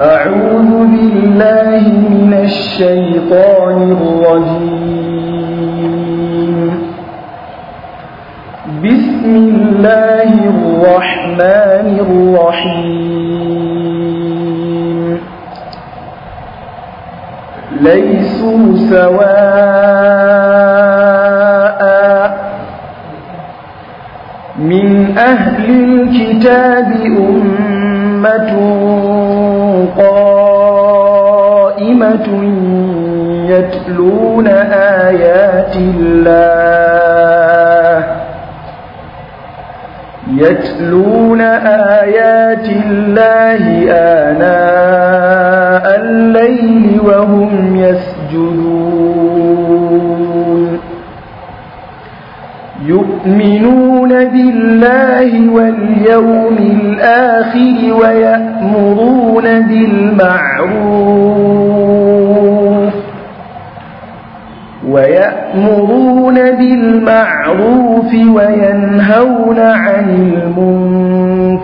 أعوذ بالله من الشيطان الرجيم بسم الله الرحمن الرحيم ليسوا سواء من أهل الكتاب أمة قائمة يتلون آيات الله يتلون آيات الله آناء الليل وهم يسجدون يؤمنون بالله واليوم الآخر ويأمرون بالمعروف ويأمرون بالمعروف وينهون عن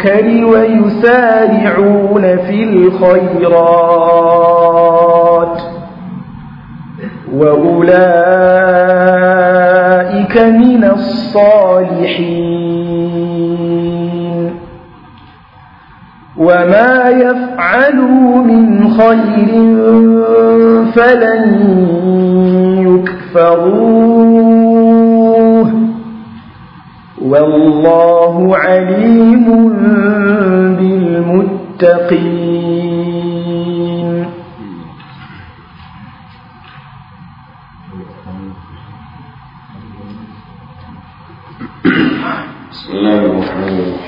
المنكر ويسارعون في الخيرات وأولئك أولئك من الصالحين وما يفعلوا من خير فلن يكفروه والله عليم بالمتقين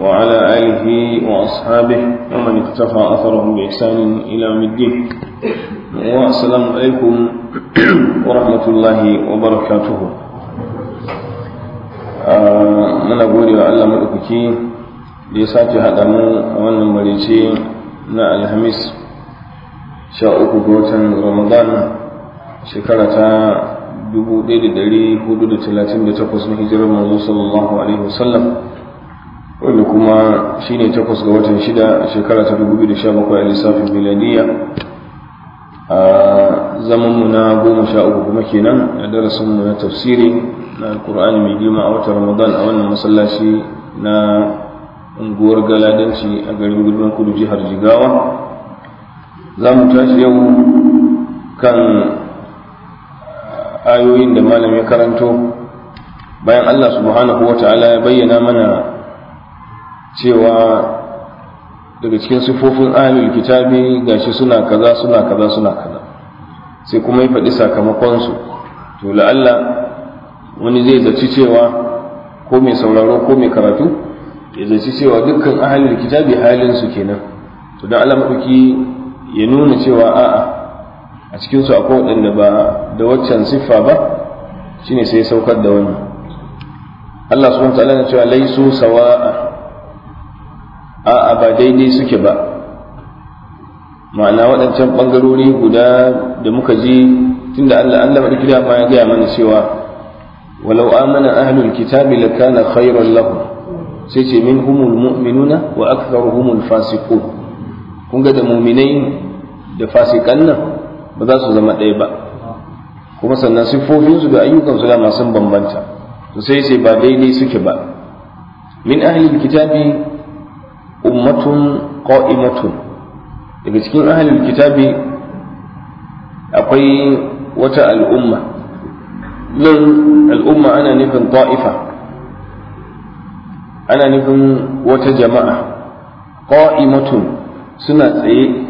وعلى آله وأصحابه ومن اقتفى أثرهم بإحسان إلى يوم الدين والسلام عليكم ورحمة الله وبركاته muna gode wa Allah maɗaukaki da ya sake haɗa mu a wannan marice na alhamis sha uku ga watan ramadan shekara ta 1438 na hijirar manzo sallallahu alaihi wanda kuma shi ne takwas ga watan shida a shekara ta 2017 a lissafin miladiyya a zamanmu na goma sha uku kuma kenan a darasinmu na tafsiri na alkur'ani mai girma a watan ramadan a wannan masallaci na unguwar galadanci a garin birnin kudu jihar jigawa za mu tashi yau kan ayoyin da malam ya karanto bayan allah subhanahu wa ta'ala ya bayyana mana cewa daga cikin sifofin ahlul kitabi gashi suna kaza suna kaza suna kaza sai kuma ya faɗi sakamakon su to la'alla wani zai zaci cewa ko mai sauraro ko mai karatu ya zaci cewa dukkan ahlul kitabi halin su kenan to dan Allah madauki ya nuna cewa a'a a cikin su akwai waɗanda ba da waccan siffa ba shine sai saukar da wani. Allah subhanahu wa ta'ala ya ce laisu sawa'a a'a ba daidai suke ba ma'ana waɗancan ɓangarori guda da muka ji tunda Allah Allah bari kira ma ya gaya mana cewa walau amana ahlul kitabi lakana khairan lahum sai ce min humul mu'minuna wa aktharuhumul fasiqun kun ga da mu'minai da fasikan nan ba za su zama ɗaya ba kuma sannan siffofinsu da ayyukan su masu bambanta to sai sai ba daidai suke ba min ahlul kitabi ummatun qa'imatun daga cikin ahalin kitabi akwai wata al'umma nan al'umma ana nufin ta'ifa ana nufin wata jama'a qa'imatun suna tsaye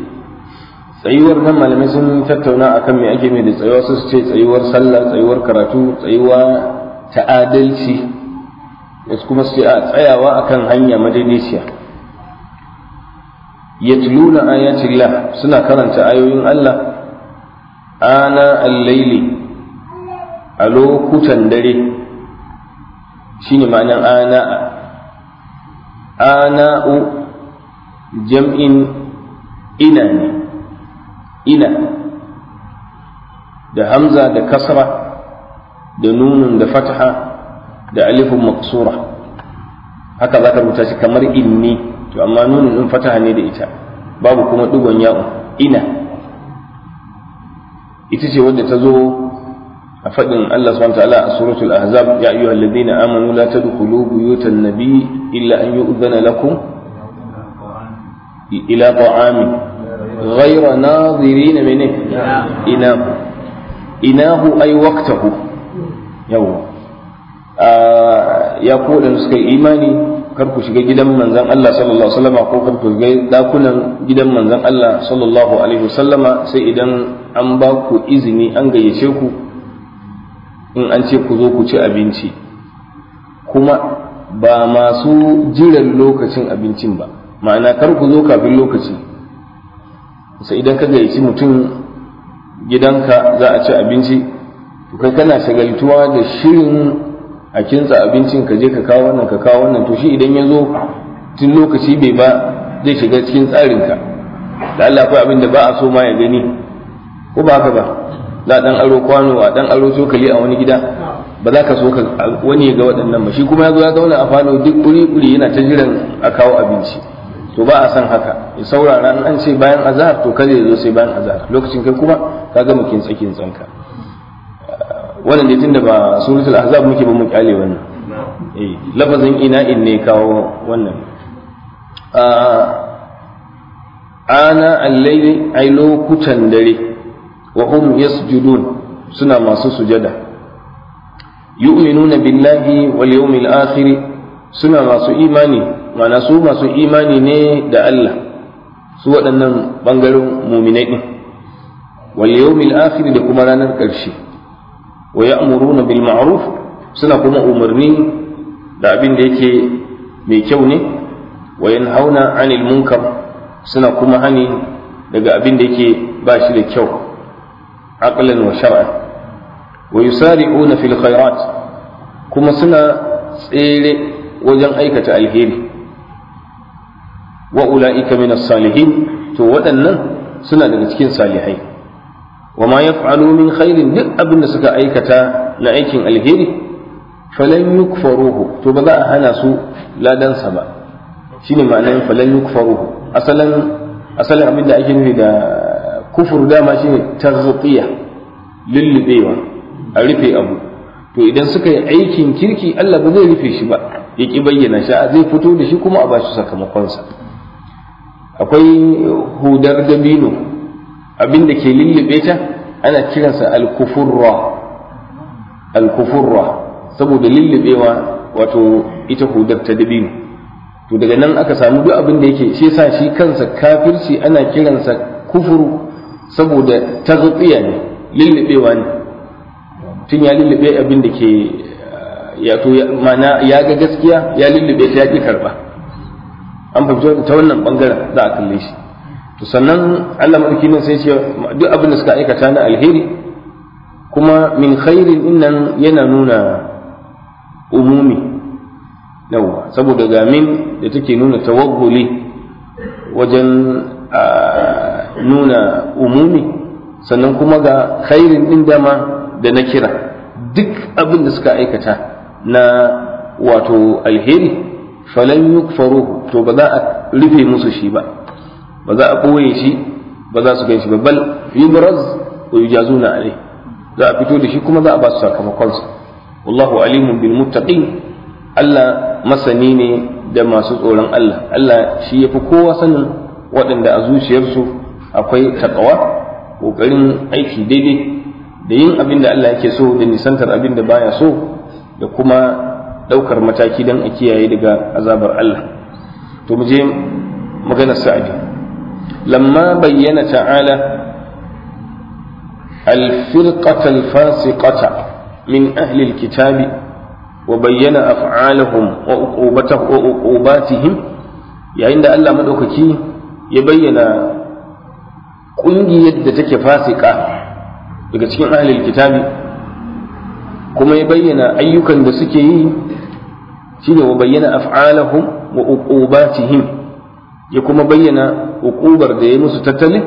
tsayuwar nan malamai sun tattauna akan me ake mai da tsayuwa su ce tsayuwar sallah tsayuwar karatu tsayuwa ta adalci wasu kuma su ce a tsayawa akan hanya madaidaiciya yatluna ayatillah suna karanta ayoyin Allah ana al-laili a lokutan dare shine ma'anan ana Ana u, jam'in ina ne ina da hamza da kasra da nunun da fataha da alifin maksura haka za ka rubuta shi kamar inni to amma nunin din fataha ne da ita babu kuma digon ya'un ina ita ce wadda ta zo a fadin Allah subhanahu ta'ala a suratul ahzab ya ayyuhal ladina amanu la tadkhulu buyutan nabi illa an yu'dhana lakum ila ta'amin ghayra nadirin min ina Ina-hu ay waqtahu yawa ah, ya ku da suka imani kar ku shiga gidan manzon Allah sallallahu alaihi wasallam ko kar ku shiga dakunan gidan manzon Allah sallallahu alaihi wasallama sai idan an ba ku izini an gayyace ku in an ce ku zo ku ci abinci kuma ba masu jiran lokacin abincin ba ma'ana kar ku zo kafin lokaci sai idan ka gayyaci mutum gidanka za a ci abinci to kai kana shagaltuwa da shirin a kinsa abincin ka je ka kawo wannan ka kawo wannan to shi idan ya zo tun lokaci bai ba zai shiga cikin tsarinka da Allah akwai abin da ba a so ma ya gani ko ba haka ba za a dan aro kwano a dan aro cokali a wani gida ba za ka so ka wani ya ga waɗannan ba shi kuma ya zo ya zauna a falo duk kuri kuri yana ta jiran a kawo abinci to ba a san haka ya saurara an ce bayan azhar to kada ya zo sai bayan azhar lokacin kai kuma ka ga mukin tsakin tsanka wannan ne tunda ba suratul ahzab muke ba mu kyale wannan eh lafazin in ne kawo wannan ana al-layli ay lokutan dare wa hum yasjudun suna masu sujada yu'minuna billahi wal yawmil akhir suna masu imani mana su masu imani ne da Allah su waɗannan bangaren muminai din wal yawmil akhir da kuma ranar ƙarshe wa ya'muruna bil ma'ruf suna kuma umarni da abin da yake mai kyau ne wa yanhauna 'anil munkar suna kuma hani daga abin da yake ba shi da kyau aqlan wa shar'an wa yusari'una fil khairat kuma suna tsere wajen aikata alheri wa ula'ika min as-salihin to waɗannan suna daga cikin salihai wa ma yaf'alu min khairin duk abin da suka aikata na aikin alheri falan yukfaruhu to ba za a hana su ladansa ba shine ma'anan falan yukfaruhu asalan asalin abin da ake nufi da kufur dama shine tarzuqiya lullubewa a rufe abu to idan suka yi aikin kirki Allah ba zai rufe shi ba ya ki bayyana shi zai fito da shi kuma a ba shi sakamakonsa akwai hudar dabino abin da ke lullube ta ana kiransa alkufurra kufurra saboda lullubewa wato ita hudar ta dabino to daga nan aka samu duk abin da yake shi yasa shi kansa kafirci ana kiransa kufuru saboda taghtiya ne lullubewa ne tun ya lullube abin da ke ya to mana ya ga gaskiya ya lullube ta ya ki karba an fahimci ta wannan bangaren za a kalle shi to sannan Allah madauki nan sai ce duk abin da suka aikata na alheri kuma min khairin innan yana nuna umumi yawa saboda ga min da take nuna tawagguli wajen nuna umumi sannan kuma ga khairin din dama da na kira duk abin da suka aikata na wato alheri falan yukfaruhu to ba za a rufe musu shi ba ba za a ɓoye shi ba za su gan shi ba bal yubraz wa alai za a fito da shi kuma za a ba su sakamakon su. wallahu alimun bil muttaqin Allah masani ne da masu tsoron Allah Allah shi yafi kowa sanin waɗanda a zuciyarsu akwai taƙawa, ƙoƙarin aiki daidai da yin abin da Allah yake so da nisantar abin da baya so da kuma ɗaukar mataki don a kiyaye daga azabar Allah to mu je maganar sa'adi لما بين تعالى الفرقة الفاسقة من أهل الكتاب وبين أفعالهم وعقوباتهم yayin da Allah maɗaukaki ya bayyana ƙungiyar da take fasika daga cikin ahlul kitabi kuma ya bayyana ayyukan da suke yi shine wa bayyana af'alahum wa uqubatihim ya kuma bayyana hukubar da ya musu tattalin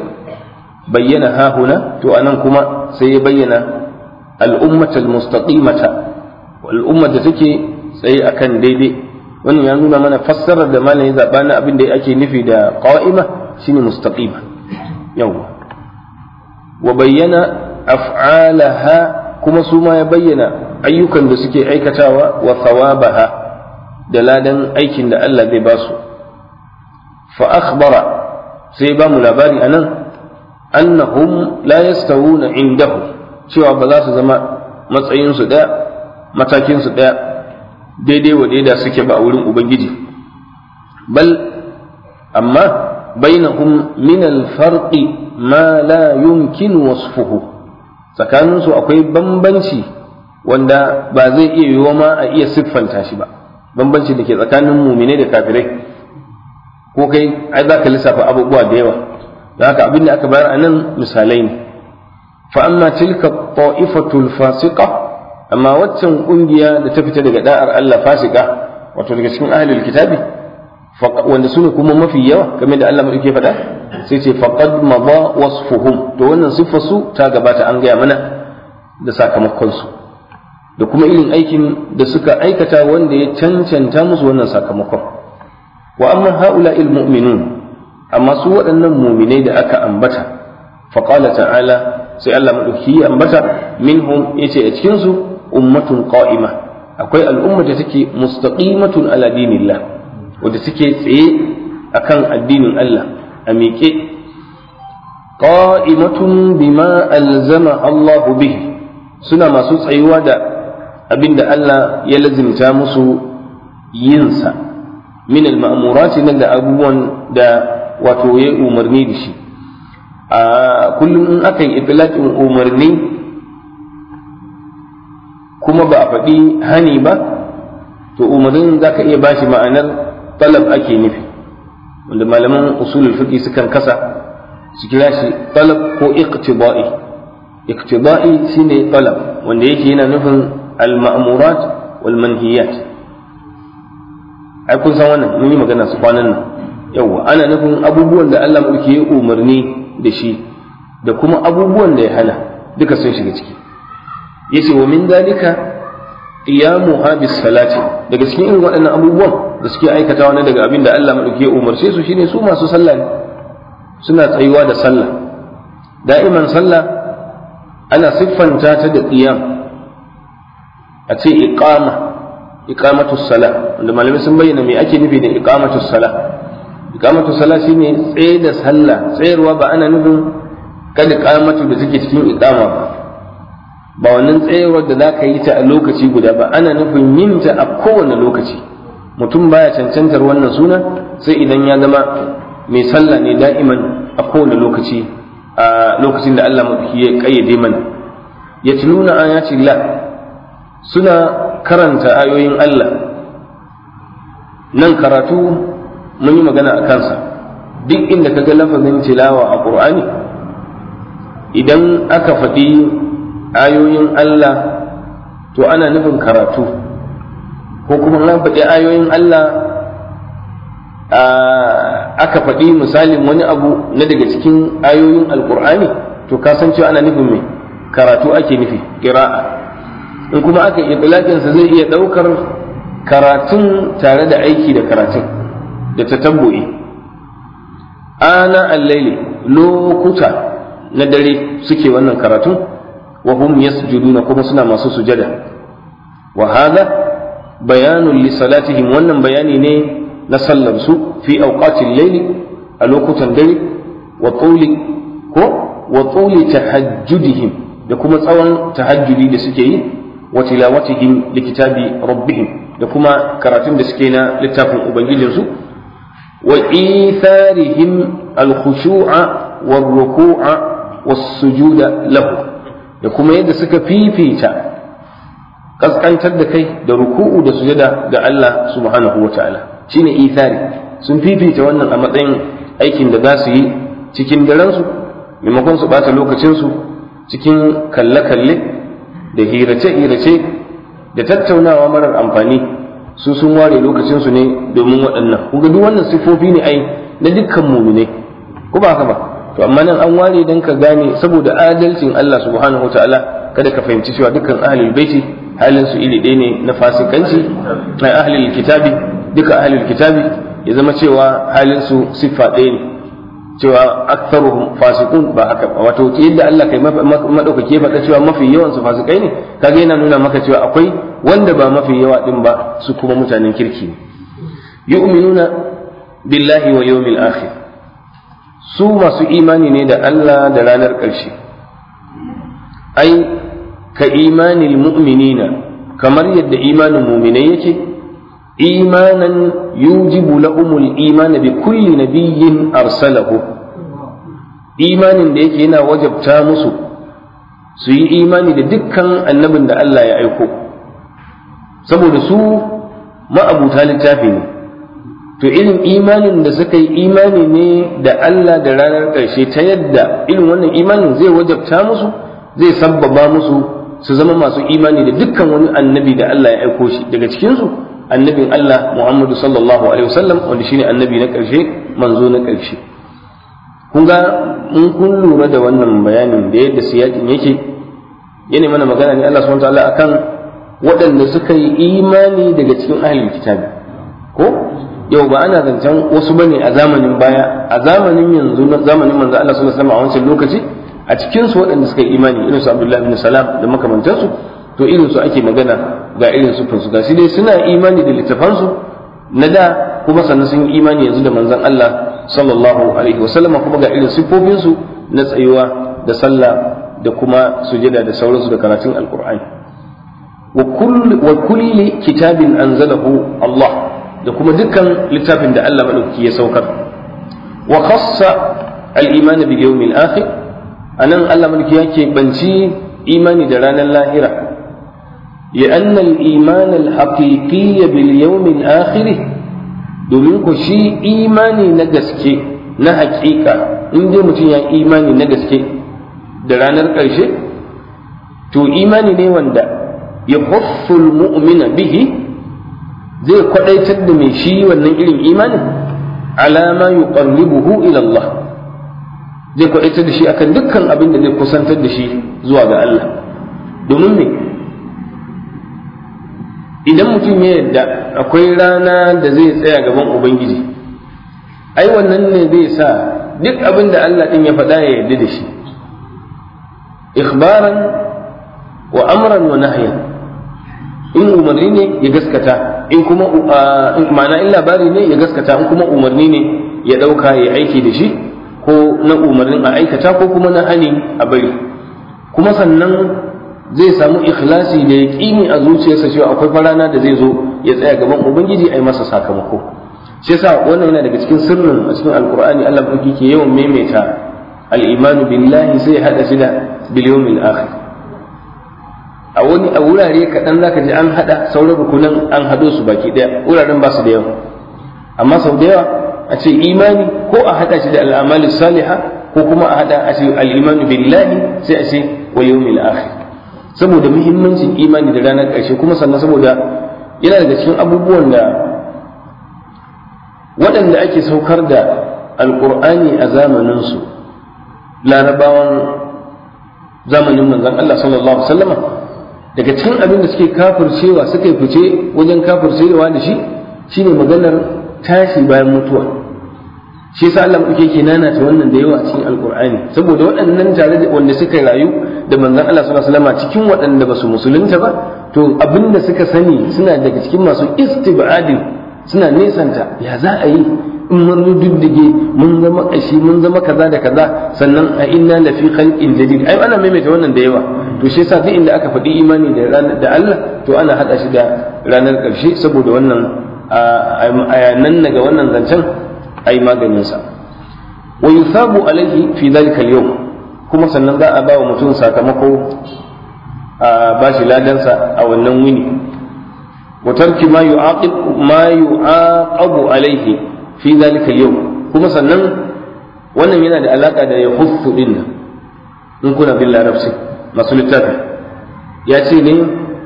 bayyana hahuna to a nan kuma sai ya bayyana al'ummata mustaqimata al'ummar da take tsaye akan daidai wannan ya nuna mana fassarar da malam ya zaba na abin da ake nufi da ƙa'ima shine mustaqima yau wa bayyana af'alaha kuma su ma ya bayyana ayyukan da suke aikatawa wa thawabaha da ladan aikin da Allah zai basu fa akhbara sai bamu mu labari anan annahum la yastawuna indahu cewa baza su zama matsayin su daya matakin daya daidai wa suke ba a wurin ubangiji bal amma bainahum min alfarqi ma la yumkin wasfuhu tsakanin akwai bambanci wanda ba zai iya yiwa ma a iya siffanta shi ba bambanci da ke tsakanin mumine da kafirai ko kai ai za ka lissafa abubuwa da yawa da haka abin da aka bayar a nan misalai ne fa amma tilka ta'ifatul fasiqa amma waccan kungiya da ta fita daga da'ar Allah fasika wato daga cikin ahlul kitabi wanda sune kuma mafi yawa kamar da Allah madauke faɗa sai ce faqad madha wasfuhum to wannan siffarsu ta gabata an gaya mana da sakamakon su da kuma irin aikin da suka aikata wanda ya cancanta musu wannan sakamakon wa amma ha'ula mu'minun amma su waɗannan muminai da aka ambata faqala ta'ala sai Allah madauki ya ambata minhum yace a cikin su ummatun qa'ima akwai al'umma da take mustaqimatun ala dinillah wanda suke tsaye akan addinin Allah a miƙe qa'imatun bima alzama Allah bihi suna masu tsayuwa da abin da Allah ya lazimta musu yinsa min al-ma'murati nan da abubuwan da wato ya umarni da shi a kullum in aka yi itlaqin umarni kuma ba a faɗi hani ba to umarnin za ka iya bashi ma'anar talab ake nufi wanda malaman usulul fiqh sukan kasa su kira shi talab ko iqtida'i iqtida'i shine talab wanda yake yana nufin al-ma'murat wal manhiyat ai kun san wannan mun yi magana su kwanan nan yawa ana nufin abubuwan da Allah mulki ya umarni da shi da kuma abubuwan da ya hana duka sun shiga ciki yace wa min dalika qiyamu habis salati daga cikin irin waɗannan abubuwan da suke aikatawa wani daga abin da Allah mulki ya umarce su shine su masu sallah ne suna tsayuwa da sallah da'iman sallah ana siffanta ta da qiyam a ce iqama iqamatu sala wanda malamai sun bayyana me ake nufi da iqamatu sala iqamatu sala shine tsaye da sallah tsayarwa ba ana nufin kan iqamatu da take cikin iqama ba ba wannan tsayarwar da zaka yi ta a lokaci guda ba ana nufin yin ta a kowane lokaci mutum baya cancantar wannan suna sai idan ya zama mai sallah ne da'iman a kowane lokaci a lokacin da Allah mafi ya kayyade mana yatluna ayatillah suna karanta ayoyin Allah nan karatu mun yi magana a kansa duk inda ka ga lafazin tilawa a ƙur'ani idan aka faɗi ayoyin Allah to ana nufin karatu ko kuma an faɗi ayoyin Allah aka faɗi misalin wani abu na daga cikin ayoyin alƙur'ani to kasancewa ana nufin mai karatu ake nufi ƙira'a in kuma aka yi sa zai iya ɗaukar karatun tare da aiki da karatun da ta tamboyi ana allaili lokuta na dare suke wannan karatun wa hum yasjuduna kuma suna masu sujada wa hadha bayanun li salatihim wannan bayani ne na sallar su fi awqatil layli a lokutan dare wa ko wa tuli tahajjudihim da kuma tsawon tahajjudi da suke yi wa tilawatihim li kitabi rabbihim da kuma karatun da suke na littafin ubangijinsu wa itharihim al-khushu'a war-ruku'a was-sujuda lahu da kuma yadda suka fifita kaskantar da kai da ruku'u da sujada ga Allah subhanahu wa ta'ala shine ithari sun fifita wannan a matsayin aikin da za su yi cikin daren su maimakon su bata lokacin su cikin kalle-kalle da hirace-hirace da tattaunawa marar amfani su sun ware lokacinsu ne domin waɗannan kuga duk wannan siffofi ne ai na dukkan muminai ko ba haka ba to amma nan an ware dan ka gane saboda adalcin Allah subhanahu wataala kada ka fahimci cewa dukkan ahlul baiti halin su iri ɗaya ne na fasikanci na ahlul kitabi duka ahlul kitabi ya zama cewa halinsu siffa ɗaya ne cewa aktsaruhum fasiqun ba haka ba wato yadda Allah kai madaukake faɗa cewa mafi yawan su fasikai ne kaga yana nuna maka cewa akwai wanda ba mafi yawa din ba su kuma mutanen kirki ne yu'minuna billahi wa yawmil akhir su masu imani ne da Allah da ranar karshe ai ka imanil mu'minina kamar yadda imanin mu'minai yake imanan يوجب لهم imana بكل نبي nabiyyin arsalahu imanin da yake yana wajabta musu su yi imani da dukkan annabin da Allah ya aiko saboda su ma'abuta littafi ne to irin imanin da suka yi imani ne da Allah da ranar ƙarshe ta yadda irin wannan imanin zai wajabta musu zai sabbaba musu su zama masu imani da dukkan wani annabi da Allah ya aiko shi daga cikinsu annabin Allah Muhammadu sallallahu alaihi wasallam wanda shine annabi na ƙarshe manzo na ƙarshe kun ga in kun lura da wannan bayanin da yadda siyakin yake yana mana magana ne Allah subhanahu wataala akan waɗanda suka yi imani daga cikin ahlul kitabi ko yau ba ana zancen wasu bane a zamanin baya a zamanin yanzu zamanin manzo Allah sallallahu alaihi wasallam a wancan lokaci a cikinsu waɗanda suka yi imani irin su Abdullahi ibn Salam da makamantansu to irin su ake magana ga irin su fansu dai suna imani da littafansu na da kuma sannan sun yi imani yanzu da manzon Allah sallallahu alaihi wasallam kuma ga irin siffofinsu na tsayuwa da sallah da kuma sujada da sauransu da karatun alqur'ani wa wa kulli kitabin anzalahu Allah da kuma dukkan littafin da Allah madauki ya saukar wa khassa al-iman bil yawmil akhir anan Allah madauki yake banci imani da ranar lahira لأن الإيمان الحقيقي باليوم الآخر domin ku shi imani na gaske na hakika in dai mutum ya imani na gaske da ranar ƙarshe to imani ne wanda ya hussul mu'mina bihi zai kwadaitar da mai shi wannan irin imanin alama yuqarribuhu ila Allah zai kwadaitar da shi akan dukkan abin da zai kusantar da shi zuwa ga Allah domin me idan mutum ya yadda akwai rana da zai tsaya gaban ubangiji ai wannan ne zai sa duk abin da Allah ɗin ya faɗa ya yadda da shi ikhbaran wa amran wa nahyan in umarni ne ya gaskata in kuma ma'ana in labari ne ya gaskata in kuma umarni ne ya ɗauka ya aiki da shi ko na umarnin a aikata ko kuma na hani a bari kuma sannan zai samu ikhlasi da ya kini a zuciyarsa cewa akwai farana da zai zo ya tsaya gaban ubangiji a yi masa sakamako shi yasa wannan yana daga cikin sirrin a cikin alkur'ani Allah ba ke yawan maimaita al-iman billahi sai hada shi da bil yawmil akhir a wani a wurare kaɗan zaka ji an hada sauran rukunan an hado su baki daya wuraren ba su da yawa amma sau da yawa a ce imani ko a hada shi da al'amali salihah ko kuma a hada a ce al-iman billahi sai a ce wa yawmil akhir saboda muhimmancin imani da ranar ƙarshe kuma sannan saboda yana daga cikin abubuwan da waɗanda ake saukar da alƙur'ani a zamaninsu larabawan zamanin manzon Allah sallallahu alaihi wasallama daga cikin abin da suke kafircewa suka yi fice wajen kafircewa da shi shine maganar tashi bayan mutuwa shi yasa Allah kuke ke nana ta wannan da yawa cikin alkur'ani saboda waɗannan tare wanda suka rayu da manzon Allah sallallahu alaihi wasallam cikin waɗanda ba su musulunta ba to abinda suka sani suna daga cikin masu istibadin suna nesanta ya za a yi in mun duddige mun zama ƙashi mun zama kaza da kaza sannan a inna la fi khalqin jadid ai ana maimaita wannan da yawa to shi yasa duk inda aka faɗi imani da da Allah to ana hada shi da ranar karshe saboda wannan a nan daga wannan zancen ai maganinsa wa yusabu alaihi fi dhalika al-yawm kuma sannan za a ba wa mutum sakamako a ba shi ladansa a wannan wuni wa tarki ma yu'aqib ma yu'aqabu alaihi fi dhalika al-yawm kuma sannan wannan yana da alaka da yahuffu dinna in kuna bil larabci masu littafi ya ce ne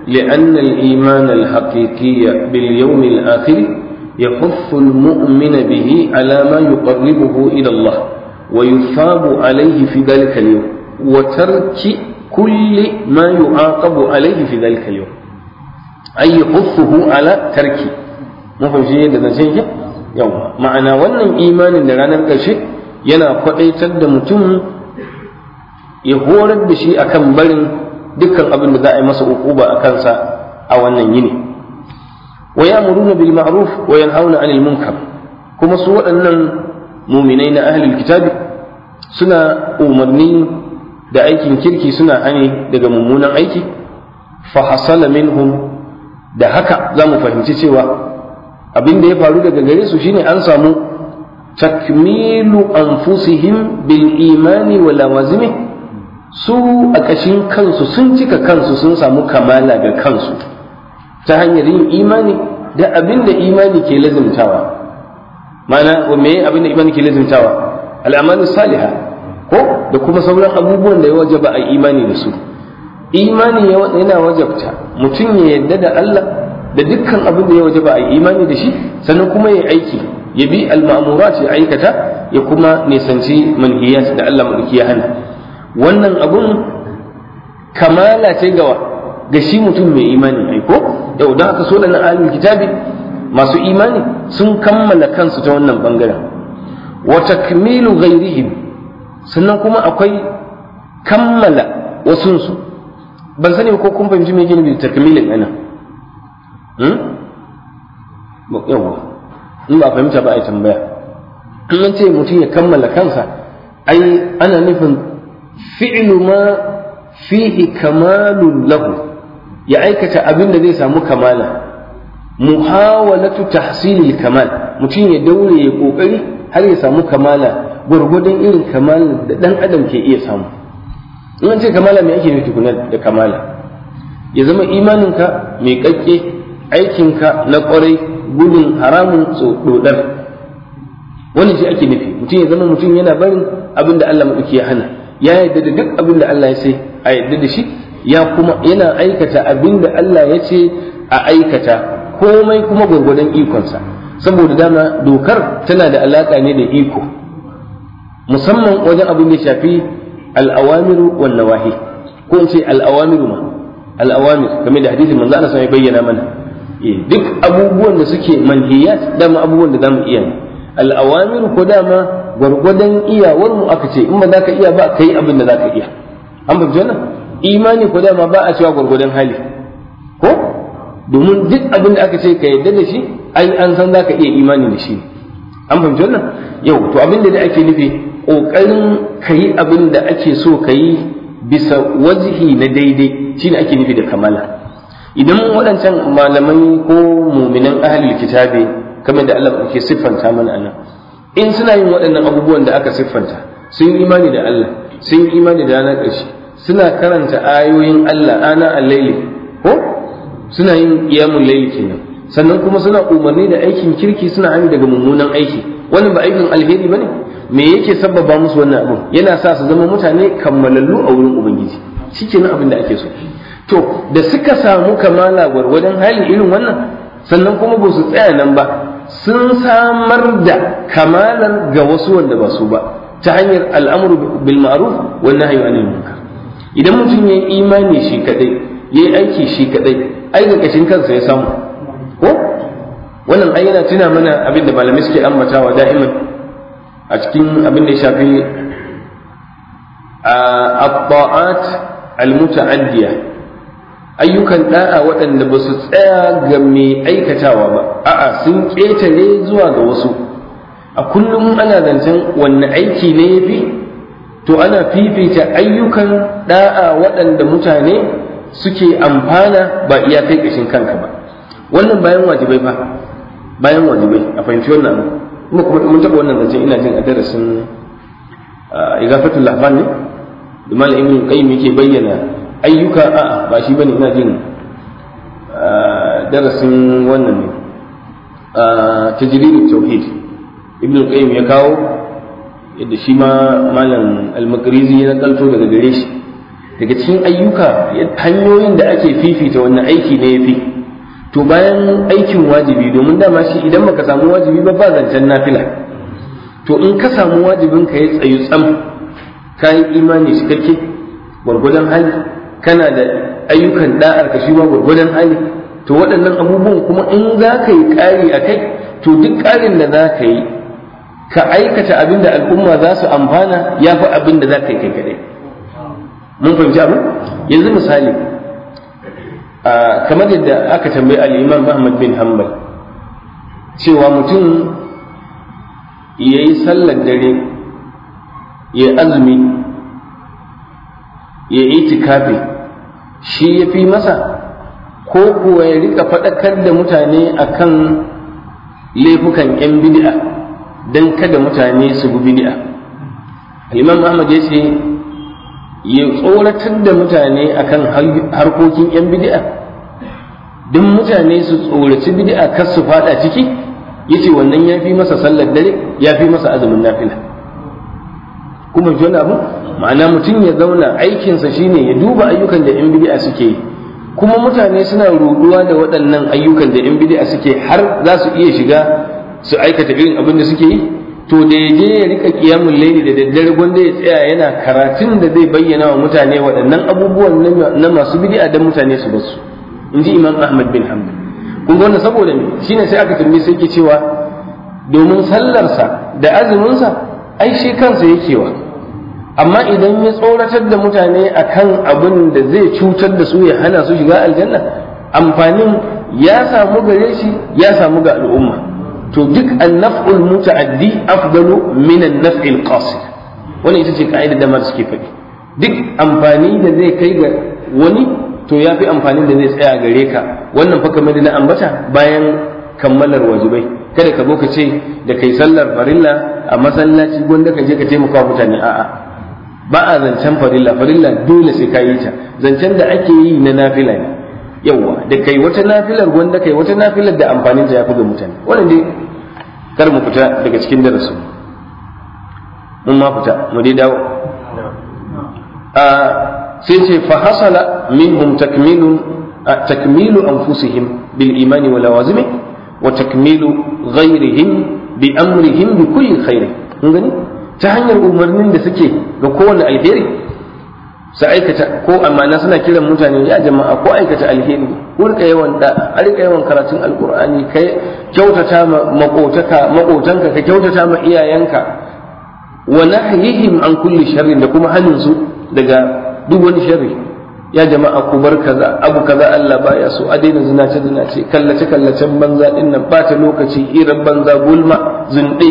li'anna al-iman al-haqiqiyya bil yawm al-akhir يحث المؤمن به على ما يقربه إلى الله ويثاب عليه في ذلك اليوم وترك كل ما يعاقب عليه في ذلك اليوم أي يحثه على ترك ما هو جيد نتيجة يوم معنى وأن الإيمان اللي أنا أشيء ينا قوي تدم تم بشيء أكم دكر قبل مدائما سأقوب أكنسا أو أنني wa ya'muruna bil ma'ruf wa yanhauna 'anil munkar kuma su waɗannan muminai na ahlul kitabi suna umarni da aikin kirki suna hane daga mummunan aiki fa hasala minhum da haka za mu fahimci cewa abin da ya faru daga gare su shine an samu takmilu anfusihim bil imani wa lawazimi su a ƙashin kansu sun cika kansu sun samu kamala ga kansu ta hanyar yin imani da abin da imani ke lazimtawa mana me abin da imani ke lazimtawa al'amalu saliha ko da kuma sauran abubuwan da ya wajaba a imani da su imani yana wajabta mutum ya yadda da Allah da dukkan abin da ya wajaba a imani da shi sannan kuma ya aiki ya bi al ya aikata ya kuma nisanci manhiyat da Allah mulki ya hana wannan abun kamala ce gawa ga shi mutum mai imani ai ko yau don haka so da na ahlul kitabi masu imani sun kammala kansu ta wannan bangaren wa takmilu ghairihim sannan kuma akwai kammala wasunsu ban sani ko kun fahimci me yake da takmilin ana hmm yawa in ba fahimta ba ai tambaya kun an ce mutum ya kammala kansa ai ana nufin fi'lu ma fihi kamalun lahu ya aikata abin da zai samu kamala muhawalatu tahsilil kamal mutum ya daure ya kokari har ya samu kamala gwargwadon irin kamala da dan adam ke iya samu in ce kamala me ake nufi kunan da kamala ya zama imaninka mai kakke aikinka na kwarai gudun haramun dodar wannan shi ake nufi mutum ya zama mutum yana barin abin da Allah maɗauki ya hana ya yarda da duk abinda Allah ya sai a yarda da shi ya kuma yana aikata abin da Allah ya ce a aikata komai kuma gwargwadon ikonsa saboda dama dokar tana da alaƙa ne da iko musamman wajen abin da shafi al'awamiru wal nawahi ko ce al'awamiru ma al'awamir kamar da hadisi manzo Allah sai bayyana mana eh, duk abubuwan da suke manhiyat dama abubuwan da zamu iya al'awamir ko dama gwargwadon iyawar mu aka ce in ba za ka iya ba kai abin da za ka iya an fahimci wannan imani ko dama ba a cewa gwargwadon hali ko domin duk abin da aka ce ka yadda da shi ai an san za ka iya imani da shi an fahimci wannan yau to abin da ake nufi ƙoƙarin ka yi abin da ake so ka yi bisa wajihi na daidai shine ake nufi da kamala idan waɗancan malamai ko muminan ahalil kitabe kamar da Allah ke siffanta mana anan in suna yin waɗannan abubuwan da aka siffanta sun yi imani da Allah sun imani da ranar ƙarshe suna karanta ayoyin Allah ana al-laili ko suna yin iyamun laili kenan sannan kuma suna umarni da aikin kirki suna hani daga mummunan aiki wannan ba aikin alheri ne? me yake sabbaba musu wannan abin yana sa su zama mutane kammalallu a wurin ubangiji na abin da ake so to da suka samu kamala gwargwadon halin irin wannan sannan kuma ba su tsaya nan ba sun samar da kamalar ga wasu wanda ba su ba ta hanyar al'amuru bil ma'ruf wa nahyu anil idan mutum ya yi imani shi kadai ya yi aiki shi kadai ai kashin kansa ya samu ko wannan ai yana tuna mana abin da malamai suke ambatawa da'iman a cikin abin da ya shafi at-ta'at al-muta'addiya ayyukan da'a waɗanda ba su tsaya ga mai aikatawa ba a'a sun ƙetare zuwa ga wasu a kullum ana zancen wanne aiki ne ya fi to ana fifita ayyukan da'a waɗanda mutane suke amfana ba iya kai ƙashin kanka ba wannan bayan wajibai ba bayan wajibai a fahimci wannan kuma kuma mun taɓa wannan zance ina jin a darasin igafatul lahfan ne da malam ibn qayyim yake bayyana ayyuka a'a ba shi bane ina jin darasin wannan ne tajridut tauhid ibn qayyim ya kawo yadda shi ma malam almakarizi ya kalto daga gare shi daga cikin ayyuka hanyoyin da ake fifita wannan aiki ne ya fi to bayan aikin wajibi domin dama shi idan maka samu wajibi ba ba zancen nafila to in ka samu wajibin ka ya tsayu tsam ka yi imani cikakke gwargwadon hali kana da ayyukan da'ar ka shi ma gwargwadon hali to waɗannan abubuwan kuma in za ka yi ƙari a kai to duk ƙarin da za ka yi ka aikata abin da al'umma za su amfana ya fi abin da za ka yi kai kaɗai mun fahimci abin yanzu misali kamar yadda aka tambayi al'imam muhammad bin hanbal cewa mutum ya yi sallar dare ya azumi ya yi tikafi shi ya fi masa ko kuwa ya rika faɗakar da mutane akan laifukan 'yan bid'a don kada mutane su bi bid'a imam ahmad ya ce ya tsoratar da mutane akan harkokin yan bid'a don mutane su tsoraci bid'a kar su fada ciki yace wannan ya fi masa sallar dare ya fi masa azumin nafila kuma ji wani abu ma'ana mutum ya zauna aikinsa shine ya duba ayyukan da yan bid'a suke kuma mutane suna ruduwa da waɗannan ayyukan da yan bid'a suke har za su iya shiga su aikata irin abin da suke yi to da ya je ya rika kiyamun laili da daddare gwanda ya tsaya yana karatun da zai bayyana wa mutane waɗannan abubuwan na masu bidi dan mutane su basu in ji imam ahmad bin Hamdan. kun wannan saboda me ne sai aka tambaye sai ke cewa domin sallarsa da azuminsa ai shi kansa ya wa amma idan ya tsoratar da mutane akan abin da zai cutar da su ya hana su shiga aljanna amfanin ya samu gare shi ya samu ga al'umma to duk annaf'ul muta'addi afdalu min an-naf'il qasid wannan ita ce ka'ida da ma suke faɗi duk amfani da zai kai ga wani to yafi amfanin da zai tsaya gare ka wannan fa kamar na ambata bayan kammalar wajibai kada ka zo ka ce da kai sallar farilla a masallaci gwanda ka je ka taimaka mutane a'a ba a zancen farilla farilla dole sai ka yi ta zancen da ake yi na nafila ne yawa da kai wata nafilar gwanda kai wata nafilar da amfanin ta yafi ga mutane wannan dai kar mu fita daga cikin darasi mun ma fita mu dai dawo a sai ce fa hasala minhum takmilun takmilu anfusihim bil imani wa lawazimi wa takmilu ghayrihim bi amrihim bi kulli khairin mun gani ta hanyar umarnin da suke ga kowane alheri su aikata ko amana suna kiran mutane ya jama'a ko aikata alheri ku rika yawan da a rika yawan karatun alkur'ani ka kyautata ma makotaka makotanka ka kyautata ma iyayenka wa nahyihim an kulli sharrin da kuma hanin su daga duk wani sharri ya jama'a ku bar kaza abu kaza Allah baya so a daina zinace zinace kallace kallacen banza din nan ta lokaci irin banza gulma zunde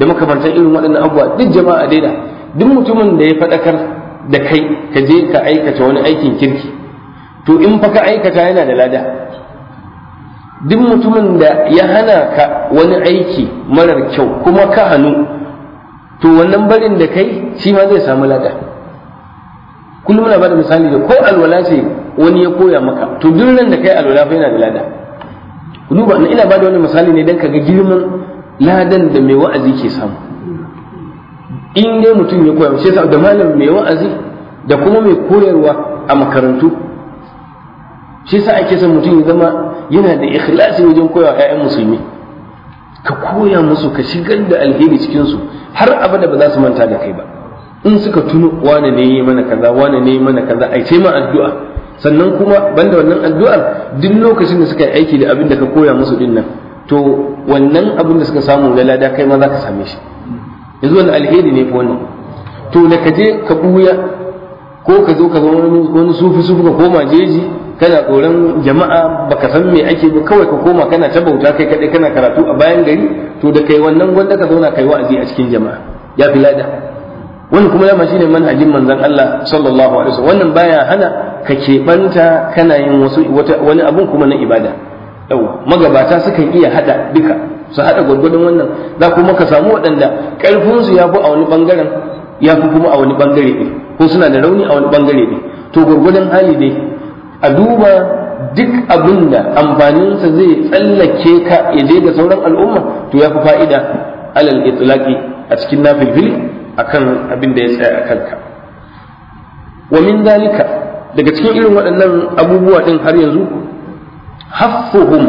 da makamantan irin waɗannan abubuwa duk jama'a daina duk mutumin da ya faɗakar da kai ka je ka aikata wani aikin kirki to in fa ka aikata yana da lada duk mutumin da ya hana ka wani aiki marar kyau kuma ka hannu to wannan barin da kai shi ma zai samu lada kullum ba bada misali da ko alwala ce wani ya koya maka to duk nan da kai alwala fa yana da lada duba ina bada wani misali ne dan kaga girman ladan da mai wa'azi ke samu in dai mutum ya koya shi da malam mai wa'azi da kuma mai koyarwa a makarantu shi yasa ake son mutum ya zama yana da ikhlasi wajen koya wa 'ya'yan musulmi ka koya musu ka shigar da alheri cikin su har abada ba za su manta da kai ba in suka tuno wane ne yi mana kaza wane ne yi mana kaza ai sai ma addu'a sannan kuma banda wannan addu'ar duk lokacin da suka yi aiki da abin da ka koya musu din to wannan abin da suka samu na lada kai ma za ka same shi yanzu wannan alheri ne fa wannan to da ka je ka buya ko ka zo ka zama wani sufi sufi ka koma jeji kana tsoron jama'a baka san me ake ba kawai ka koma kana ta bauta kai kadai kana karatu a bayan gari to da kai wannan gwanda ka zauna kai wa'azi a cikin jama'a ya fi lada wannan kuma dama shine manhajin manzon Allah sallallahu alaihi wasallam wannan baya hana ka keɓanta kana yin wani abun kuma na ibada yau magabata sukan iya hada duka su hada gwargwadon wannan za kuma ka samu waɗanda ƙarfinsu ya fi a wani ɓangaren ya fi kuma a wani ɓangare ne ko suna da rauni a wani ɓangare ne to gwargwadon hali dai a duba duk abin da amfaninsa zai tsallake ka ya je ga sauran al'umma to ya fi fa'ida alal itlaqi a cikin nafilfili akan abin da ya tsaya a kanka wa min dalika daga cikin irin waɗannan abubuwa ɗin har yanzu haffuhum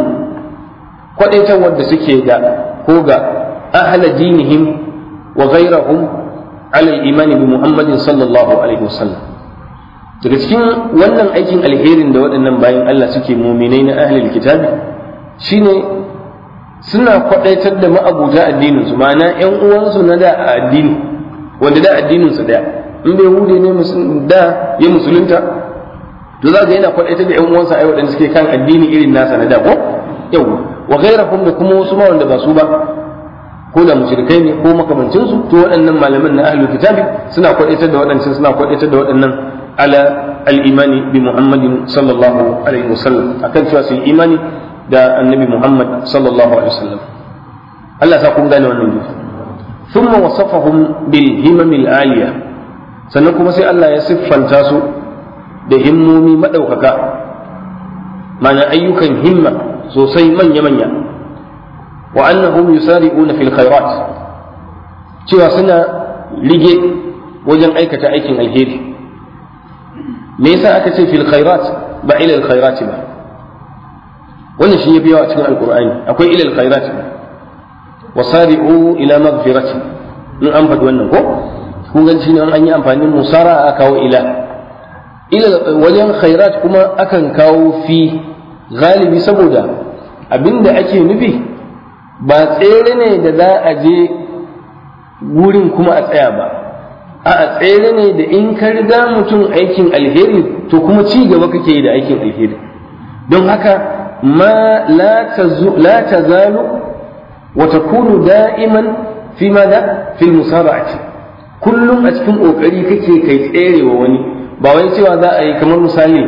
kwadaitan wanda suke da ko ga ahla dinihim wa ghayrahum ala imani bi Muhammadin sallallahu alaihi wasallam daga cikin wannan aikin alherin da waɗannan bayan Allah suke muminai na ahlul kitabi shine suna kwadaitar da ma'abuta addinin ma'ana ƴan uwansu na da addini wanda da addinin su daya in bai hude ne da musulunta to za ga yana kwaɗaita da ƴan uwansa ai waɗanda suke kan addini irin nasa na da ko yau wa ghairahum da kuma wasu ma wanda ba su ba ko da mushrikai ne ko makamancin su to waɗannan malaman na ahlul kitabi suna kwaɗaita da waɗancan suna kwaɗaita da waɗannan ala al-imani bi muhammadin sallallahu alaihi wasallam akan cewa su yi imani da annabi muhammad sallallahu alaihi wasallam Allah sa kun gane wannan gefe thumma wasafahum bil himamil aliya sannan kuma sai Allah ya siffanta su da himmomi maɗaukaka mana ayyukan himma sosai manya-manya wa annahum yusari'una fil khairat cewa suna rige wajen aikata aikin alheri me yasa aka ce fil khairat ba ilal khairat ba wannan shi ya biyo a cikin alqur'ani akwai ilal khairat ba wasari'u ila maghfirati in an faɗi wannan ko kun ga shi an yi amfanin musara a kawo ila wajen khairat kuma akan kawo fi galibi saboda abinda ake nufi ba tsere ne da za a je wurin kuma a tsaya ba a tsere ne da in ka riga mutum aikin alheri to kuma ci gaba kake yi da aikin alheri don haka ma la tazalu wa takunu da'iman fi ma da fil musara'ati kullum a cikin kokari kake kai tserewa wani ba wai cewa za a yi kamar misali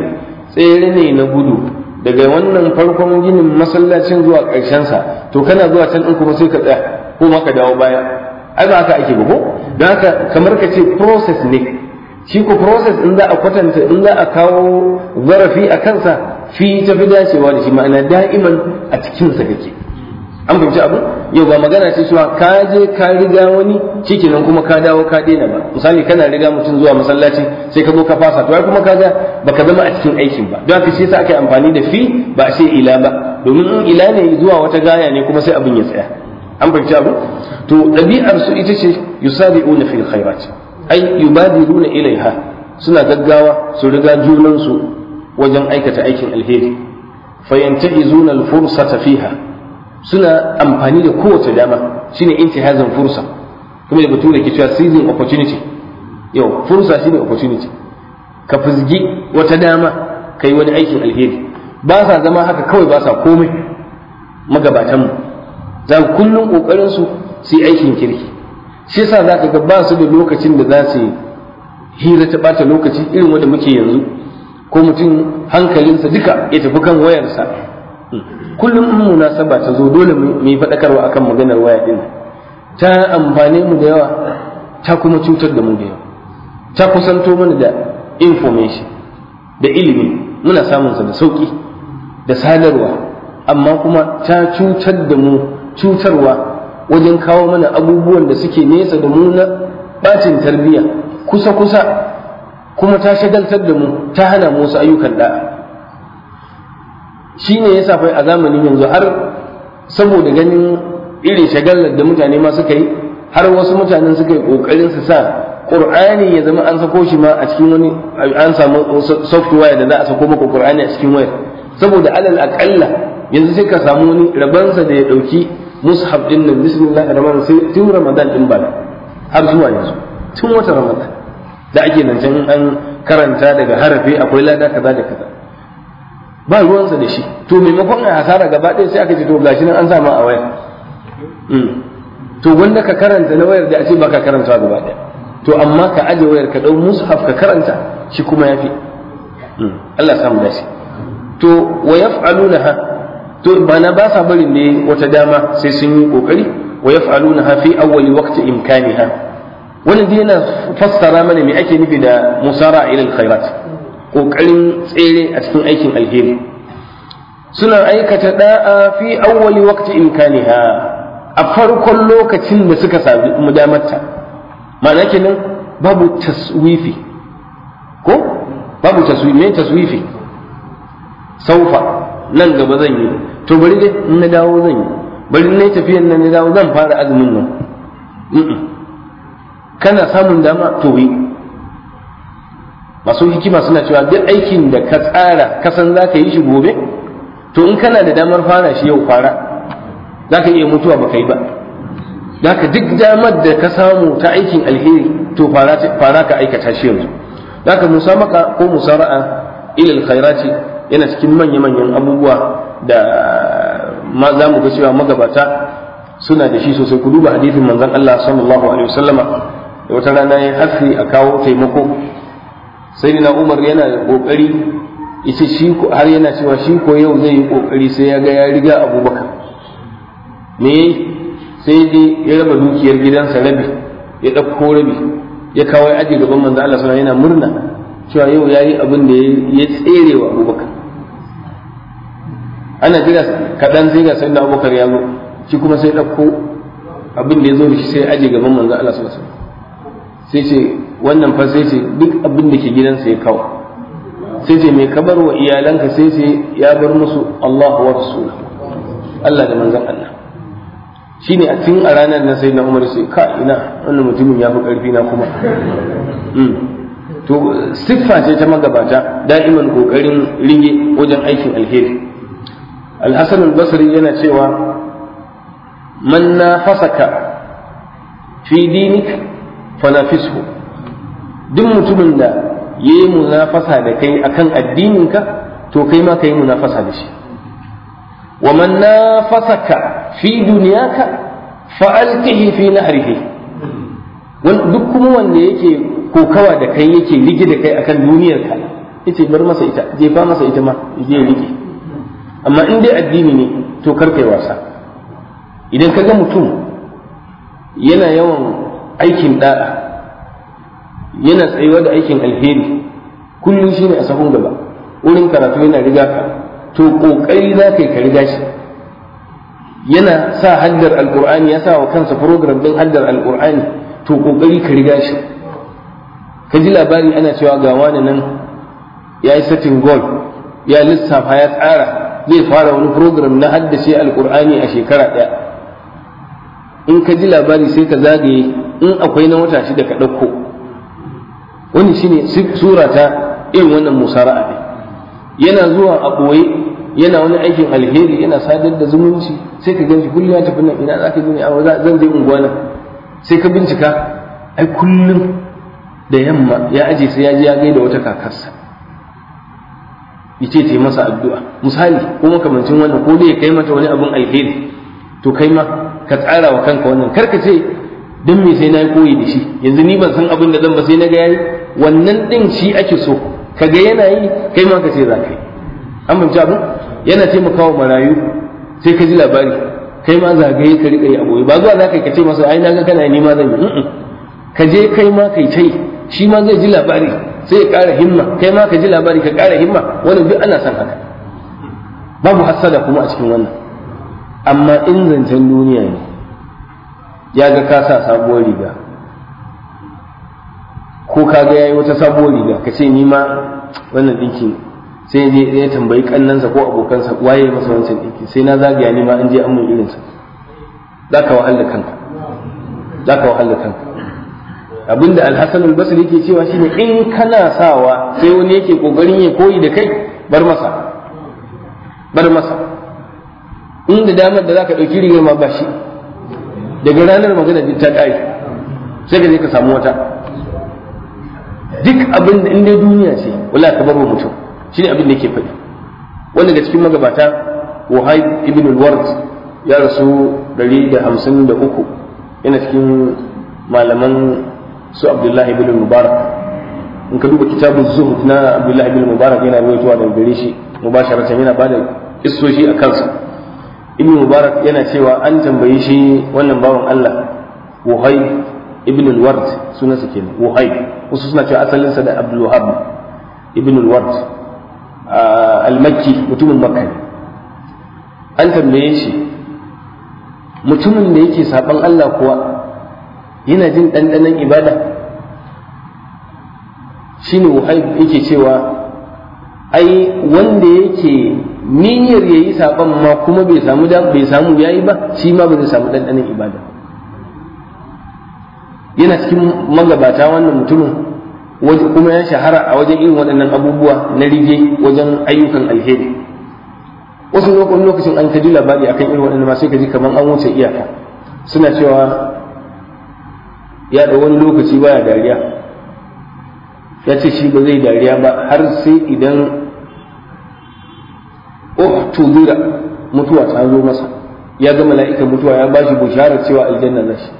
tsere ne na gudu daga wannan farkon ginin masallacin zuwa sa, to kana zuwa can ɗin kuma sai ka tsaya ko ma ka dawo baya ai ba haka ake ba ko don haka kamar ka ce process ne shi ko process in za a kwatanta in za a kawo zarafi a kansa fi tafi dacewa da shi ma'ana da'iman a cikinsa kake an fahimci abu yau ba magana ce cewa ka je ka riga wani nan kuma ka dawo ka daina ba misali kana riga mutum zuwa masallaci sai ka zo ka fasa to kuma ka ga baka zama a cikin aikin ba don haka shi yasa aka yi amfani da fi ba a ce ila ba domin in ila ne zuwa wata gaya ne kuma sai abin ya tsaya an fahimci abu to dabi'ar su ita ce yusabi'una fil khairat ai yubadiruna ilaiha suna gaggawa su riga junansu wajen aikata aikin alheri fayantaizuna al-fursata fiha suna amfani da kowace dama shine intihazin fursa kuma da da ke cewa seizing opportunity yau fursa shine opportunity ka fizgi wata dama ka yi wani aikin alheri ba sa zama haka kawai ba sa komai magabatanmu za kullum kokarin su su yi aikin kirki shi sa za ka ga ba su da lokacin da za su hira ta bata lokaci irin wanda muke yanzu ko mutum hankalinsa duka ya tafi kan wayarsa hmm. kullum in munasaba ta zo dole mu yi faɗakarwa akan maganar waya din ta amfane mu da yawa ta kuma cutar da mu da yawa ta kusanto mana da information da ilimi muna samun sa da sauki da sadarwa amma kuma ta cutar da mu cutarwa wajen kawo mana abubuwan da suke nesa da mu na bacin tarbiyya kusa kusa kuma ta shagaltar da mu ta hana mu wasu ayyukan da'a shi ne ya safai a zamanin yanzu har saboda ganin irin shagallar da mutane ma suka yi har wasu mutanen suka yi kokarin su sa qur'ani ya zama an sako shi ma a cikin wani an samu software da za a sako maka qur'ani a cikin wayar saboda alal aqalla yanzu sai ka samu wani rabansa da ya ɗauki mushaf din nan bismillahir rahmanir rahim tun ramadan bana har zuwa yanzu tun wata ramadan da ake nan can an karanta daga harafi akwai lada kaza da kaza ba ruwansa da shi to maimakon a hasara gaba ɗaya sai aka ce to gashi nan an sa ma a waya mm. to wanda ka karanta na wayar da a ce ba ka karanta gaba ɗaya to amma ka aje wayar ka ɗau mushaf ka karanta shi kuma ya fi mm. Allah samu dashi to wa yaf'alunaha to bana ba sa barin ne wata dama sai sun yi kokari wa yaf'alunaha fi awwali waqti imkaniha wannan dai yana fassara mana me ake nufi da musara ila alkhairat ƙoƙarin tsere a cikin aikin alheri suna aikata da'a fi awwali waqti imkaniha a farkon lokacin da suka sami mudamarta ma'ana kenan babu taswifi ko babu taswifi me taswifi saufa nan gaba zan yi to bari dai in na dawo zan yi bari na tafiyan nan na dawo zan fara azumin nan kana samun dama to yi masu hikima suna cewa duk aikin da ka tsara kasan za ka yi shi gobe to in kana da damar fara shi yau fara za ka iya mutuwa ba kai ba da ka duk damar da ka samu ta aikin alheri to fara ka aikata shi yanzu da ka musamaka ko musara'a ilil khairati yana cikin manya-manyan abubuwa da ma za mu ga cewa magabata suna da shi sosai ku duba hadisin manzon Allah sallallahu alaihi wasallama wata rana ya hafi a kawo taimako sai na umar yana kokari ita shi har yana cewa shi ko yau zai yi kokari sai ya ga ya riga abubakar me sai dai ya raba dukiyar gidansa rabi ya ɗauko rabi ya kawo aji gaban manzo Allah sallallahu yana murna cewa yau yayi abin da ya tsere wa abubakar ana jira kaɗan sai ga sayyidina abubakar ya zo shi kuma sai ɗauko abin da ya zo da shi sai aji gaban manzo Allah sallallahu alaihi wasallam sai ce wannan fa sai ce duk abin da ke gidansa ya kawo sai ce mai kabar wa iyalanka sai ce ya bar musu Allah wa Rasul Allah da manzon Allah shine a cikin a ranar na sai na Umar sai ka ina wannan mutumin ya fi karfi na kuma mm. to siffa ce ta magabata da'iman kokarin ringe wajen aikin alheri al-Hasan al-Basri yana cewa man nafasaka fi dini. fanafishu duk mutumin da ya yi munafasa da kai akan addininka to kai ma ka yi munafasa da shi wa man nafasaka fi duniyaka fa na fi nahrihi duk kuma wanda yake kokawa da kai yake rige da kai akan duniyarka yace bar masa ita jefa masa ita ma je rige amma in dai addini ne to kar kai wasa idan ka ga mutum yana yawan aikin ɗa'a yana tsayuwa da aikin alheri kullum shine a sahun gaba wurin karatu yana riga ka to ƙoƙari za ka yi ka riga shi yana sa haddar alkur'ani ya sa wa kansa program ɗin haddar alkur'ani to ƙoƙari ka riga shi ka ji labari ana cewa ga wani nan ya yi satin goal ya lissafa ya tsara zai fara wani program na haddace alkur'ani a shekara ɗaya in ka ji labari sai ka zagaye in akwai na wata shida ka ɗauko wani shine sura ta irin wannan musara'a ne yana zuwa a ɓoye yana wani aikin alheri yana sadar da zumunci sai ka gan shi kullum ya tafi nan ina za ka gani a zan je unguwa nan sai ka bincika ai kullum da yamma ya aje sai ya je ya gaida wata kakarsa yace ta yi masa addu'a misali ko makamancin wannan ko dai ya kai mata wani abun alheri to kai ma ka tsara wa kanka wannan kar ka ce don me sai na koyi da shi yanzu ni ban san abin da zan ba sai na ga yayi wannan din shi ake so ka ga yana yi kai ma ka ce za ka yi an fahimci abin yana taimakawa marayu sai ka ji labari kai ma zagaye ka riƙa yi a gobe ba zuwa za ka ce masa ai na ga kana ni ma zan yi ka je kai ma kai yi shi ma zai ji labari sai ya ƙara himma kai ma ka ji labari ka ƙara himma wannan duk ana son haka babu hassada kuma a cikin wannan amma in zancen duniya ne ya ga ka sa sabuwar riga ko ka ga yi wata sabuwar riga ka ce ni ma wannan ɗinki sai je ya tambayi kannansa ko abokansa waye masa wancan ɗinki sai na zagaya ni ma an je an mun irinsa za ka wahala kanka za ka wahala kanka abinda alhassan albasir yake cewa shine in kana sawa sai wani yake kokarin ya koyi da kai bar masa bar masa inda damar da za ka ɗauki rigar ma ba shi daga ranar magana din ta ƙari sai ka je ka samu wata duk abin da inda duniya ce wala ka barwa mutum shi ne abin da yake faɗi wanda daga cikin magabata wahai ibn al-ward ya rasu 153 yana cikin malaman su abdullahi ibn mubarak in ka duba kitabun zuhud na abdullahi ibn mubarak yana rawaitowa daga gare shi mubasharatan yana da issoshi a kansa ibn mubarak yana cewa an tambayi shi wannan bawan Allah wuhai ibn al-ward sunansa kenan wuhai wasu suna cewa asalinsa da abdul wahab ibn al-ward al-makki mutumin makka an tambaye shi mutumin da yake saban Allah kuwa yana jin ɗanɗanon ibada shine wuhai yake cewa ai wanda yake niyyar yi saban ma kuma bai samu bai samu yayi ba shi ma bai samu ɗanɗanin ibada yana cikin magabata wannan mutumin kuma ya shahara a wajen irin waɗannan abubuwa na rige wajen ayyukan alheri wasu lokacin an kaji labari akan irin waɗannan masu kaji kamar an wuce iyaka suna cewa ya da wani lokaci baya dariya ya ce shi ba zai dariya ba har sai idan uktubira mutuwa ta zo masa ya ga mala'ika mutuwa ya bashi bushara cewa aljanna na shi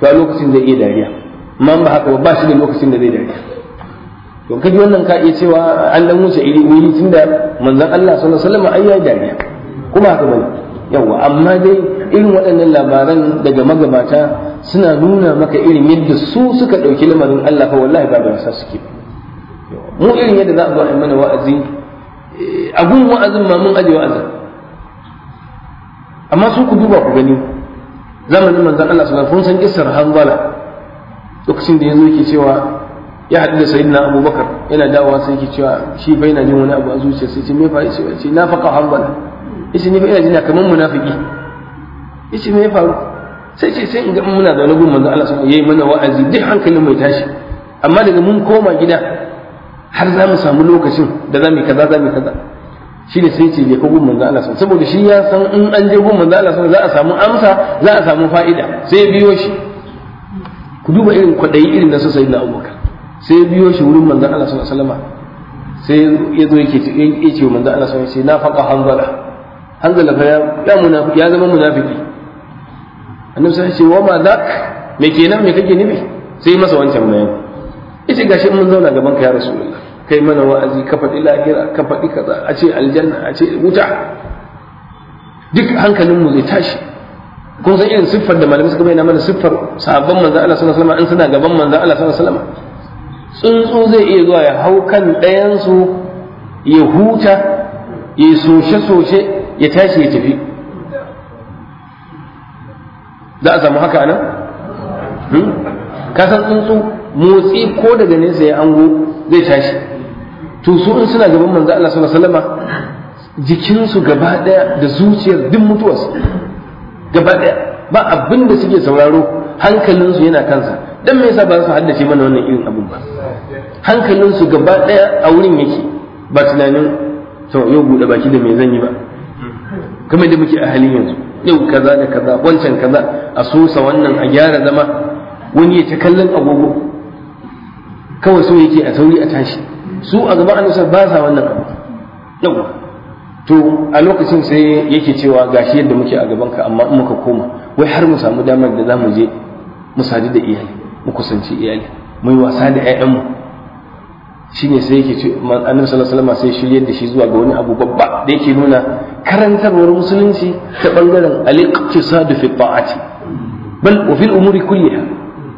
to a lokacin zai iya dariya amma ba haka ba shi da lokacin da zai dariya to kaji wannan ka iya cewa an dan wuce iri wuri tunda manzon Allah sallallahu alaihi wasallam ai ya dariya kuma haka bane yawa amma dai irin waɗannan labaran daga magabata suna nuna maka irin yadda su suka ɗauki lamarin Allah fa wallahi ba ba sa suke mu irin yadda za a zo a mana wa'azi a wa'azin ma mun aje wa'azin amma su ku duba ku gani zamanin manzon Allah sallallahu alaihi wasallam san kissar Hanzala lokacin da yazo yake cewa ya haɗu da sayyidina Abubakar yana dawowa sai yake cewa shi bai na jin wani abu a zuciya sai ce me fa yace ce na faqa Hanzala yace ni fa ina jina kamar munafiki yace me faru sai ce sai in ga muna da gun manzon Allah sallallahu alaihi wasallam yayi mana wa'azi duk hankalin mai tashi amma daga mun koma gida har za mu samu lokacin da za mu kaza za mu kaza shi ne sai ce je ka gun manzo Allah saboda shi ya san in an je gun manzo Allah za a samu amsa za a samu fa'ida sai biyo shi ku duba irin kwaɗayi irin da su sai na abubakar sai biyo shi wurin manzon Allah sallallahu alaihi wasallam sai ya zo yake ce yake ce manzon Allah Sai ce na faqa hanzala hanzala fa ya munafiki ya zama munafiki annabi sai ce wa ma dak? me kenan me kake nibi sai masa wancan bayani yace gashi mun zauna gaban ka ya rasulullah kai mana wa'azi ka faɗi lahira ka faɗi kaza a ce aljanna a ce wuta duk hankalinmu zai tashi kun san irin siffar da malamai suka bayyana mana siffar sahabban manzo Allah sallallahu alaihi wasallam in suna gaban manzo Allah sallallahu alaihi wasallam tsuntsu zai iya zuwa ya hau kan ɗayan su ya huta ya soshe soshe ya tashi ya tafi za a samu haka nan hmm? ka san tsuntsu motsi ko daga nesa ya ango zai tashi to su in suna gaban manzo Allah sallallahu alaihi wasallama jikinsu gaba daya da zuciyar duk su gaba daya ba abin da suke sauraro hankalinsu yana kansa dan me yasa ba su haddace mana wannan irin abun ba hankalinsu gaba daya a wurin yake ba tunanin to yau bude baki da me zan yi ba kamar da muke a halin yanzu yau kaza da kaza wancan kaza a sosa wannan a gyara zama wani ya ta kallon agogo kawai so yake a sauri a tashi su a gaban annabi ba sa wannan abu Ɗau to a lokacin sai yake cewa gashi yadda muke a gaban ka amma in muka koma wai har mu samu damar da zamu je mu sadu da iyali mu kusanci iyali mu yi wasa da ƴaƴanmu shine sai yake ce annabi sallallahu alaihi sai shiryar da shi zuwa ga wani abu babba da yake nuna karantarwar musulunci ta bangaren al-iqtisadu fi ta'ati bal wa umuri kulliha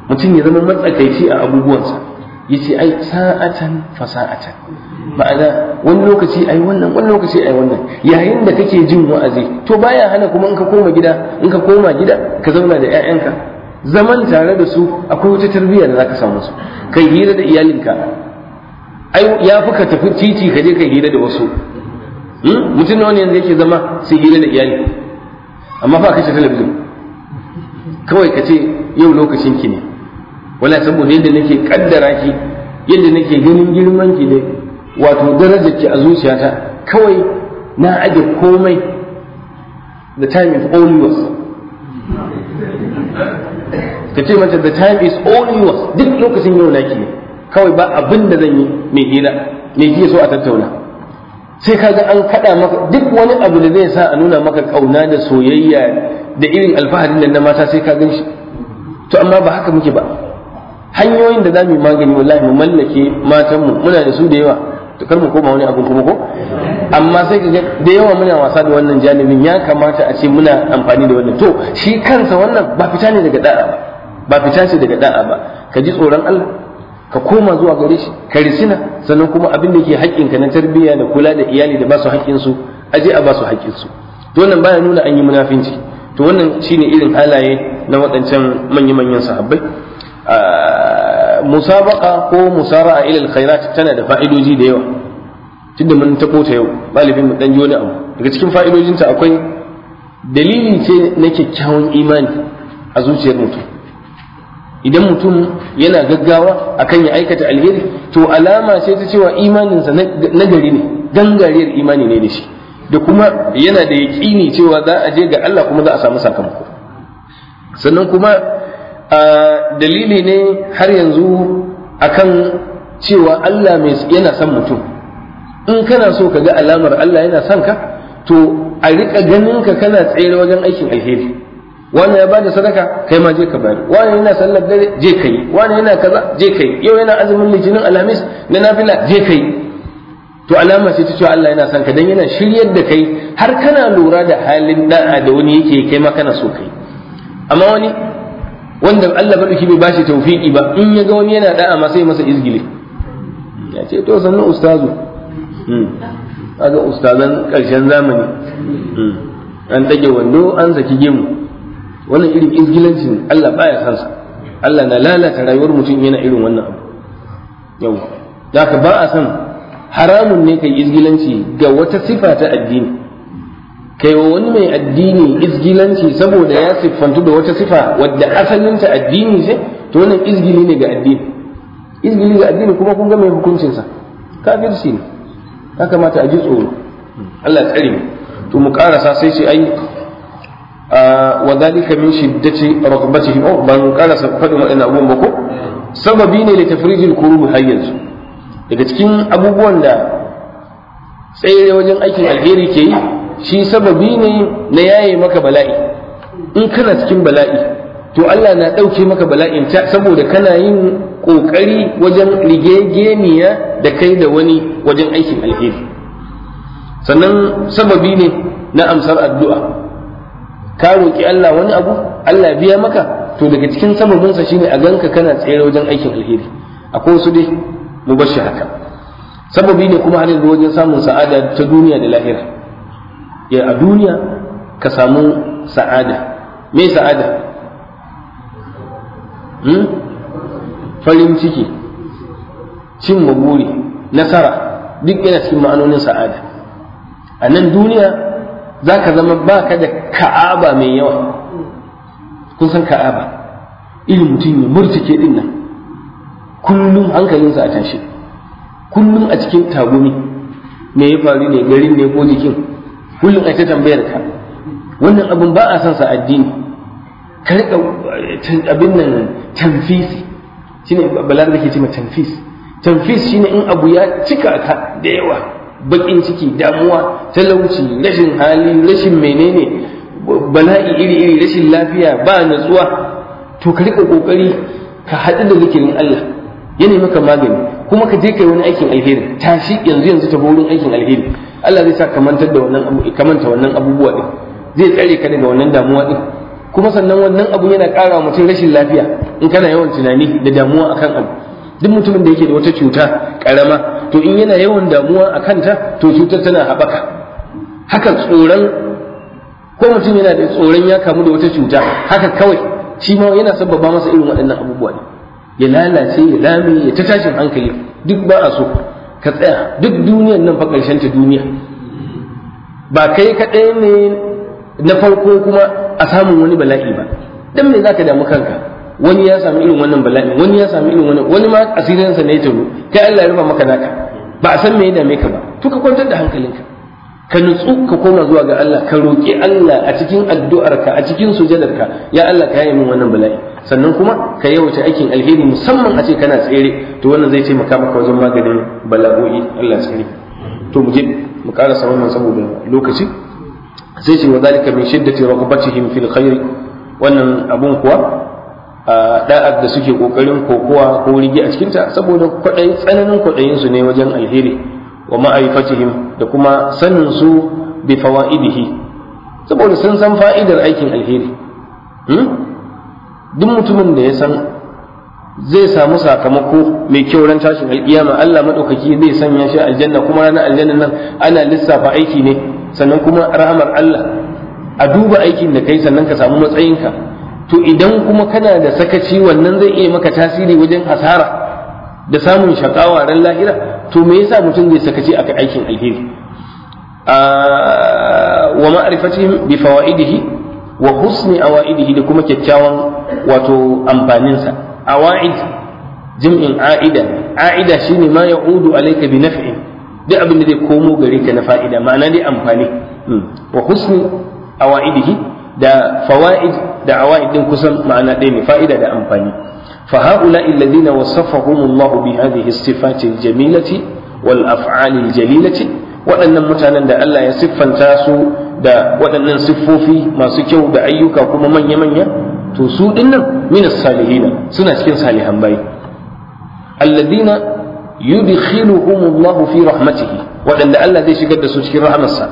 mutum ya zama matsakaici a abubuwansa yace ai sa'atan fa sa'atan ma'ana wani lokaci ai wannan wani lokaci ai wannan yayin da kake jin wa'azi to baya hana kuma in ka koma gida in ka koma gida ka zauna da 'ya'yanka zaman tare da su akwai wata tarbiyya da zaka samu su kai hira da iyalinka ai ya fi ka tafi titi ka je kai hira da wasu hmm? mutum nawa ne yanzu yake zama sai hira da iyali amma fa talabijin kawai kace ce yau lokacin ki ne wala saboda yadda nake kaddara ki yadda nake ganin girman ki ne wato darajar ki a zuciyata kawai na ajiye komai the time is all yours ka ce mace the time is all yours duk lokacin yau naki ne kawai ba abin da zan yi mai hira mai ji so a tattauna sai ka ga an kaɗa maka duk wani abu da zai sa a nuna maka ƙauna da soyayya da irin alfaharin nan na mata sai ka gan shi to amma ba haka muke ba hanyoyin da za mu yi magani wallahi mu mallake matanmu muna da su da yawa to kar mu koma wani abu kuma ko amma sai ka da yawa muna wasa da wannan janibin ya kamata a ce muna amfani da wannan to shi kansa wannan ba fita ne daga da'a ba ba fita ce daga da'a ba ka ji tsoron Allah ka koma zuwa gare shi ka risina sannan kuma abin da ke ka na tarbiyya da kula da iyali da ba su haƙƙinsu a je a ba su haƙƙinsu to wannan baya nuna an yi munafinci to wannan shine irin halaye na waɗancan manya-manyan sahabbai musabaka ko Musara ila alkhairat tana da fa'idoji da yawa tunda mun tabo ta yau ɗalibin mu dan wani abu daga cikin fa'idojinta akwai dalili ce na kyakkyawan imani a zuciyar mutum idan mutum yana gaggawa akan ya aikata alheri to alama ce ta cewa imaninsa na gari ne gangariyar imani ne da shi da kuma yana da yaƙini cewa za a je ga Allah kuma za a samu sakamako sannan kuma dalili ne har yanzu akan cewa Allah mai yana son mutum in kana so ka ga alamar Allah yana son ka to a riƙa ganin ka kana tsere wajen aikin alheri wani ya bada sadaka kai ma je ka bari wani yana sallar dare je ka yi wani yana kaza je ka yi yau yana azumin litinin alhamis na nafila je ka yi to alama ce ta cewa Allah yana son ka dan yana shiryar da kai har kana lura da halin da'a da wani yake kai ma kana so kai amma wani wanda Allah madauki bai bashi tawfiki ba in ya ga wani yana da'a ma sai masa izgile ya ce to sannan ustazu hmm. kaga ustazan ƙarshen zamani hmm. an tage wando an saki gemu wannan irin izgilancin Allah baya san sa Allah na lalata rayuwar mutum yana irin wannan abu yawa da ka ba a san haramun ne kai izgilanci ga wata sifa ta addini kai wani mai addini izgilanci saboda ya siffantu da wata sifa wadda asalinta addini ce to wannan izgili ne ga addini izgili ga addini kuma kun ga mai hukuncinsa kafirci ne ya kamata a ji tsoro Allah tsare mu to mu karasa sai ce ai wa dalika min shiddati raqbatihi oh ban karasa fadin wadannan abubuwan ba ko sababi ne da tafrijil kurub har yanzu daga cikin abubuwan da tsaye wajen aikin alheri ke yi shi sababi ne na yaye maka bala'i in kana cikin bala'i to Allah na ɗauke maka bala'in ta saboda kana yin ƙoƙari wajen rigegeniya da kai da wani wajen aikin alheri sannan sababi ne na amsar addu'a ka roƙi Allah wani abu Allah biya maka to daga cikin sababinsa shine a ganka kana tsere wajen aikin alheri akwai wasu dai mu bar shi haka sababi ne kuma har wajen samun sa'ada ta duniya da lahira ya a duniya ka samu sa'ada me sa'ada hmm? farin ciki cin maguri nasara duk yana cikin ma'anonin sa'ada a nan duniya za ka zama ba ka da ka'aba mai yawa kun san ka'aba irin mutum ya murtike din nan kullum hankalinsa a tashi kullum a cikin tagumi me ya faru ne garin ne ko jikin kullum ai ta tambayar ka wannan abun ba a son sa addini ka rika eh, abin nan tanfis shine balar da ke cewa tanfis tanfis shine in abu ya cika ka da yawa bakin ciki damuwa talauci rashin hali rashin menene bala'i iri iri rashin lafiya ba natsuwa to ka rika kokari ka haɗu da zikirin Allah ya maka magani kuma ka je kai wani aikin alheri tashi yanzu yanzu ta wurin aikin alheri Allah zai sa kamantar da wannan kamanta wannan abubuwa din zai tsare ka daga wannan damuwa din kuma sannan wannan abu yana ƙara wa mutum rashin lafiya in kana yawan tunani da damuwa akan abu duk mutumin da yake da wata cuta karama to in yana yawan damuwa a kanta to cutar tana haɓaka haka tsoron ko mutum yana da tsoron ya kamu da wata cuta haka kawai shi ma yana sabbaba masa irin waɗannan abubuwa ne ya lalace ya lame ya ta tashin hankali duk ba a so ka tsaya duk duniyan nan fa ƙarshen ta duniya ba kai kaɗai ne na farko kuma a samun wani bala'i ba dan me zaka damu kanka wani ya sami irin wannan bala'i wani ya sami irin wannan wani ma asirin asirinsa ne ya taro kai Allah ya rufa maka naka ba a san me ya dame ka ba to ka kwantar da hankalinka ka nutsu ka koma zuwa ga Allah ka roƙi Allah a cikin addu'arka a cikin sujadarka ya Allah ka yi min wannan bala'i sannan kuma ka wuce aikin alheri musamman a ce kana tsere to wannan zai taimaka maka wajen maganin bala'o'i Allah tsere to mu je mu karasa man saboda lokaci sai ce wa zalika min shiddati raqabatihim fil khair wannan abun kuwa a da'ar da suke kokarin kokowa ko rigi a cikinta saboda kwadai tsananin kwadayin su ne wajen alheri wa ma'aifatihim da kuma sanin su bi fawaidihi saboda sun san fa'idar aikin alheri hmm? duk mutumin da ya san zai samu sakamako mai kyau ran tashin alkiyama Allah madaukaki zai sanya shi aljanna kuma ranar aljanna nan ana lissafa aiki ne sannan kuma rahamar Allah a duba aikin da kai sannan ka samu matsayinka to idan kuma kana da sakaci wannan zai iya maka tasiri wajen hasara da samun shakawa ran lahira to me yasa mutum zai sakaci akan aikin alheri wa ma'rifatihim bi fawaidihi wa husni awa'idihi da kuma kyakkyawan wato amfaninsa awa'id jim'in a'ida a'ida shine ma ya'udu alayka bi naf'in duk abin da zai komo gare ka na fa'ida ma'ana dai amfani hmm. wa husni awa'idihi da fawaid da awa'id din kusan ma'ana ɗaya ne fa'ida da amfani fa haula alladhina wasafahumullahu bi hadhihi as-sifati al-jamilati wal af'ali al-jalilati waɗannan mutanen da Allah ya siffanta su da waɗannan siffofi masu kyau da ayyuka kuma manya-manya to su dinnan minas salihina suna cikin salihan bayi alladina yudkhiluhumullahu fi rahmatihi waɗanda Allah zai shigar da su cikin rahamarsa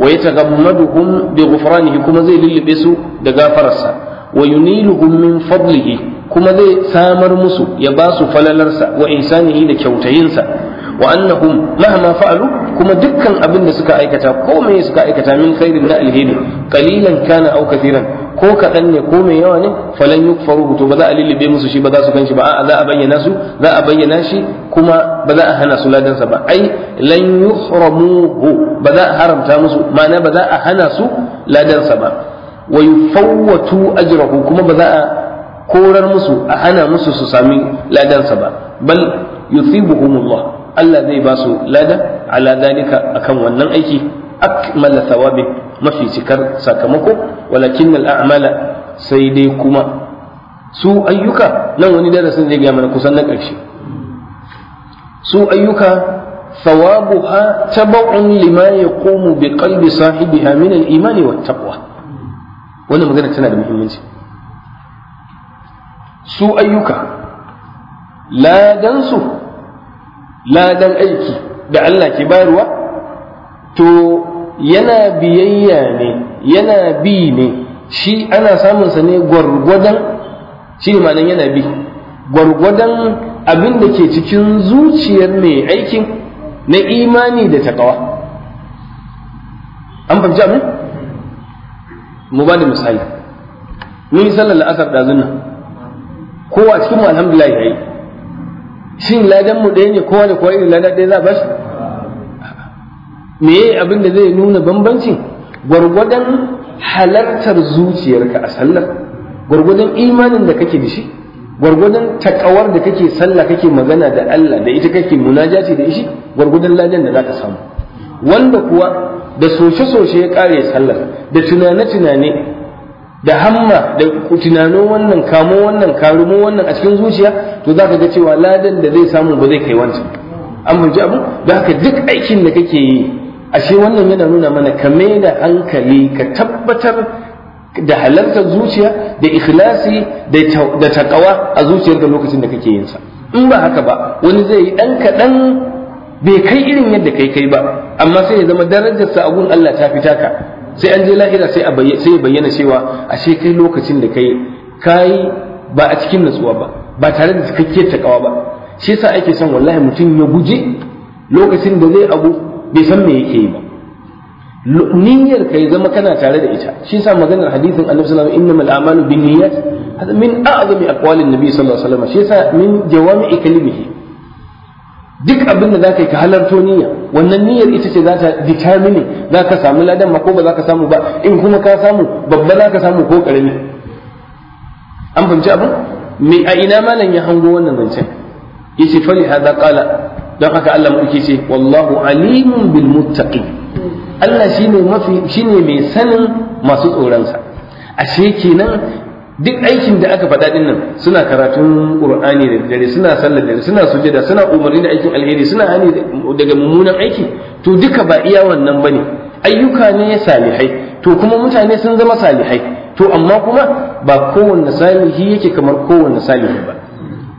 wa yataghammaduhum bi ghufranihi kuma zai lullube su da gafararsa wa yuniluhum min fadlihi kuma zai samar musu ya ba su falalarsa wa ihsanihi da kyautayinsa wa annahum mahma fa'alu kuma dukkan abin da suka aikata ko me suka aikata min khairin na alheri qalilan kana aw ko kaɗan ne ko mai yawa ne falan yukfaru to ba za a lullube musu shi ba za su ganshi ba a'a za a bayyana su za a bayyana shi kuma ba za a hana su ladansa ba ai lan yuhramuhu ba za a haramta musu ma'ana ba za a hana su ladansa ba wa yufawwatu ajrahu kuma ba za a korar musu a hana musu su sami ladansa ba bal yusibuhumullah Allah zai ba su lada ala dalika akan wannan aiki akmala thawabi mafi cikar sakamako walakin amala sai dai kuma su ayyuka nan wani darasin zai ga mana kusan na ƙarshe su ayyuka ثوابها تبع لما يقوم بقلب صاحبها من الإيمان والتقوى wannan magana tana da muhimmanci su ayyuka ladansu ladan aiki da Allah ke bayarwa to yana biyayya ne yana bi ne shi ana samun sa ne gwargwadon shi ne yana bi gwargwadon abin da ke cikin zuciyar mai aikin na imani da takawa an fahimci abin mu ba da misali Ni sallar la'asar ɗazun nan kowa cikin mu alhamdulillah ya yi shin ladan mu ɗaya ne kowa da kowa irin ladan ɗaya za a bashi me abin da zai nuna bambanci gwargwadon halartar zuciyarka a sallar gwargwadon imanin da kake da shi gwargwadon takawar da kake sallah kake magana da Allah da ita kake munajati da shi gwargwadon ladan da zaka samu wanda kuwa da soshe-soshe ya kare sallar da tunane-tunane da hamma da tunanin wannan kamo wannan karumo wannan a cikin zuciya to za ka ga cewa ladan da zai samu ba zai kai wancan an fahimci abu da haka duk aikin da kake yi ashe wannan yana nuna mana ka mai da hankali ka tabbatar da halartar zuciya da ikhlasi da takawa a zuciyar zuciyarka lokacin da kake yin sa in ba haka ba wani zai yi dan kaɗan bai kai irin yadda kai kai ba amma sai ya zama darajarsa a gun Allah ta fita ka sai an je lahira sai ya bayyana cewa ashe kai lokacin da kai kai ba a cikin natsuwa ba ba tare da cikakkiyar takawa ba shi yasa ake son wallahi mutum ya guje lokacin da zai abu bai san me yake yi ba niyyar ka ya zama kana tare da ita shi yasa maganar hadisin annabi sallallahu alaihi wasallam innamal a'malu binniyat hada min a'zami aqwalin nabi sallallahu alaihi wasallam shi yasa min jawami'i kalimihi duk abin da zaka yi ka halarto niyya wannan niyyar ita ce za ta determine za ka samu ladan ma ko ba za ka samu ba in kuma ka samu babba za ka samu ko karami an fahimci abin me a ina malam ya hango wannan zancen yace fali hadha qala don haka Allah mulki ce wallahu alimun bil muttaqin Allah shine mafi shine mai sanin masu tsoron sa ashe kenan duk aikin da aka faɗa dinnan suna karatun qur'ani da dare suna sallar dare suna sujada suna umarni da aikin alheri suna hani daga mummunan aiki to duka ba iya wannan bane ayyuka ne salihai to kuma mutane sun zama salihai to amma kuma ba kowanne salihi yake kamar kowanne salihi ba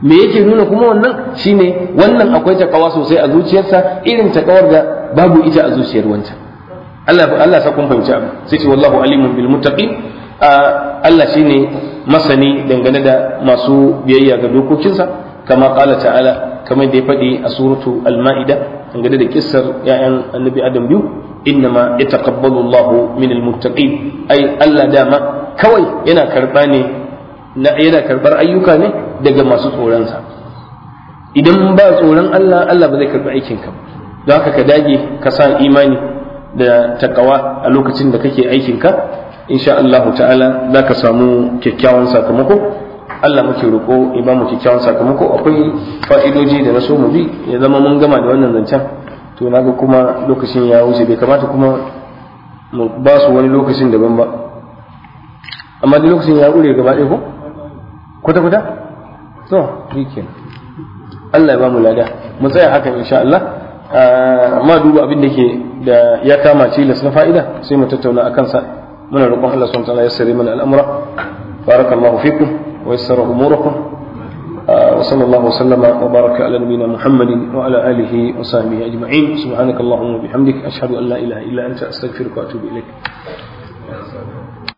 me yake nuna kuma wannan shine wannan akwai takawa sosai a zuciyarsa irin takawar da babu ita a zuciyar wancan Allah Allah sa kun fahimci abu sai ce wallahu alimun bil muttaqin Allah ne masani dangane da masu biyayya ga dokokinsa kama kala ta'ala kamar da ya faɗi a suratu al-ma'ida dangane da kissar ya'yan annabi adam biyu innama yataqabbalu Allahu min al-muttaqin ai Allah dama kawai yana karba ne yana karbar ayyuka ne daga masu tsoronsa idan ba tsoron Allah Allah ba zai karɓi aikin ka don haka ka dage ka sa imani da takawa a lokacin da kake aikin ka insha Allah ta'ala za ka samu kyakkyawan sakamako Allah muke roƙo ya ba mu kyakkyawan sakamako akwai fa'idoji da na so mu bi ya zama mun gama da wannan zancen to na ga kuma lokacin ya wuce bai kamata kuma mu ba su wani lokacin daban ba amma da lokacin ya ƙure gaba ɗaya ko kwata kwata to rikin Allah ya ba mu lada mu tsaya hakan insha Allah amma ah, duba abin da ke da ya kama tilas na fa'ida sai mu tattauna akan sa mana roƙon Allah subhanahu wataala ya sare mana al'amura barakallahu fikum wa yassara umurakum ah, wa sallallahu alihi wa ajma'in subhanakallahumma wa bihamdika ashhadu an la ilaha illa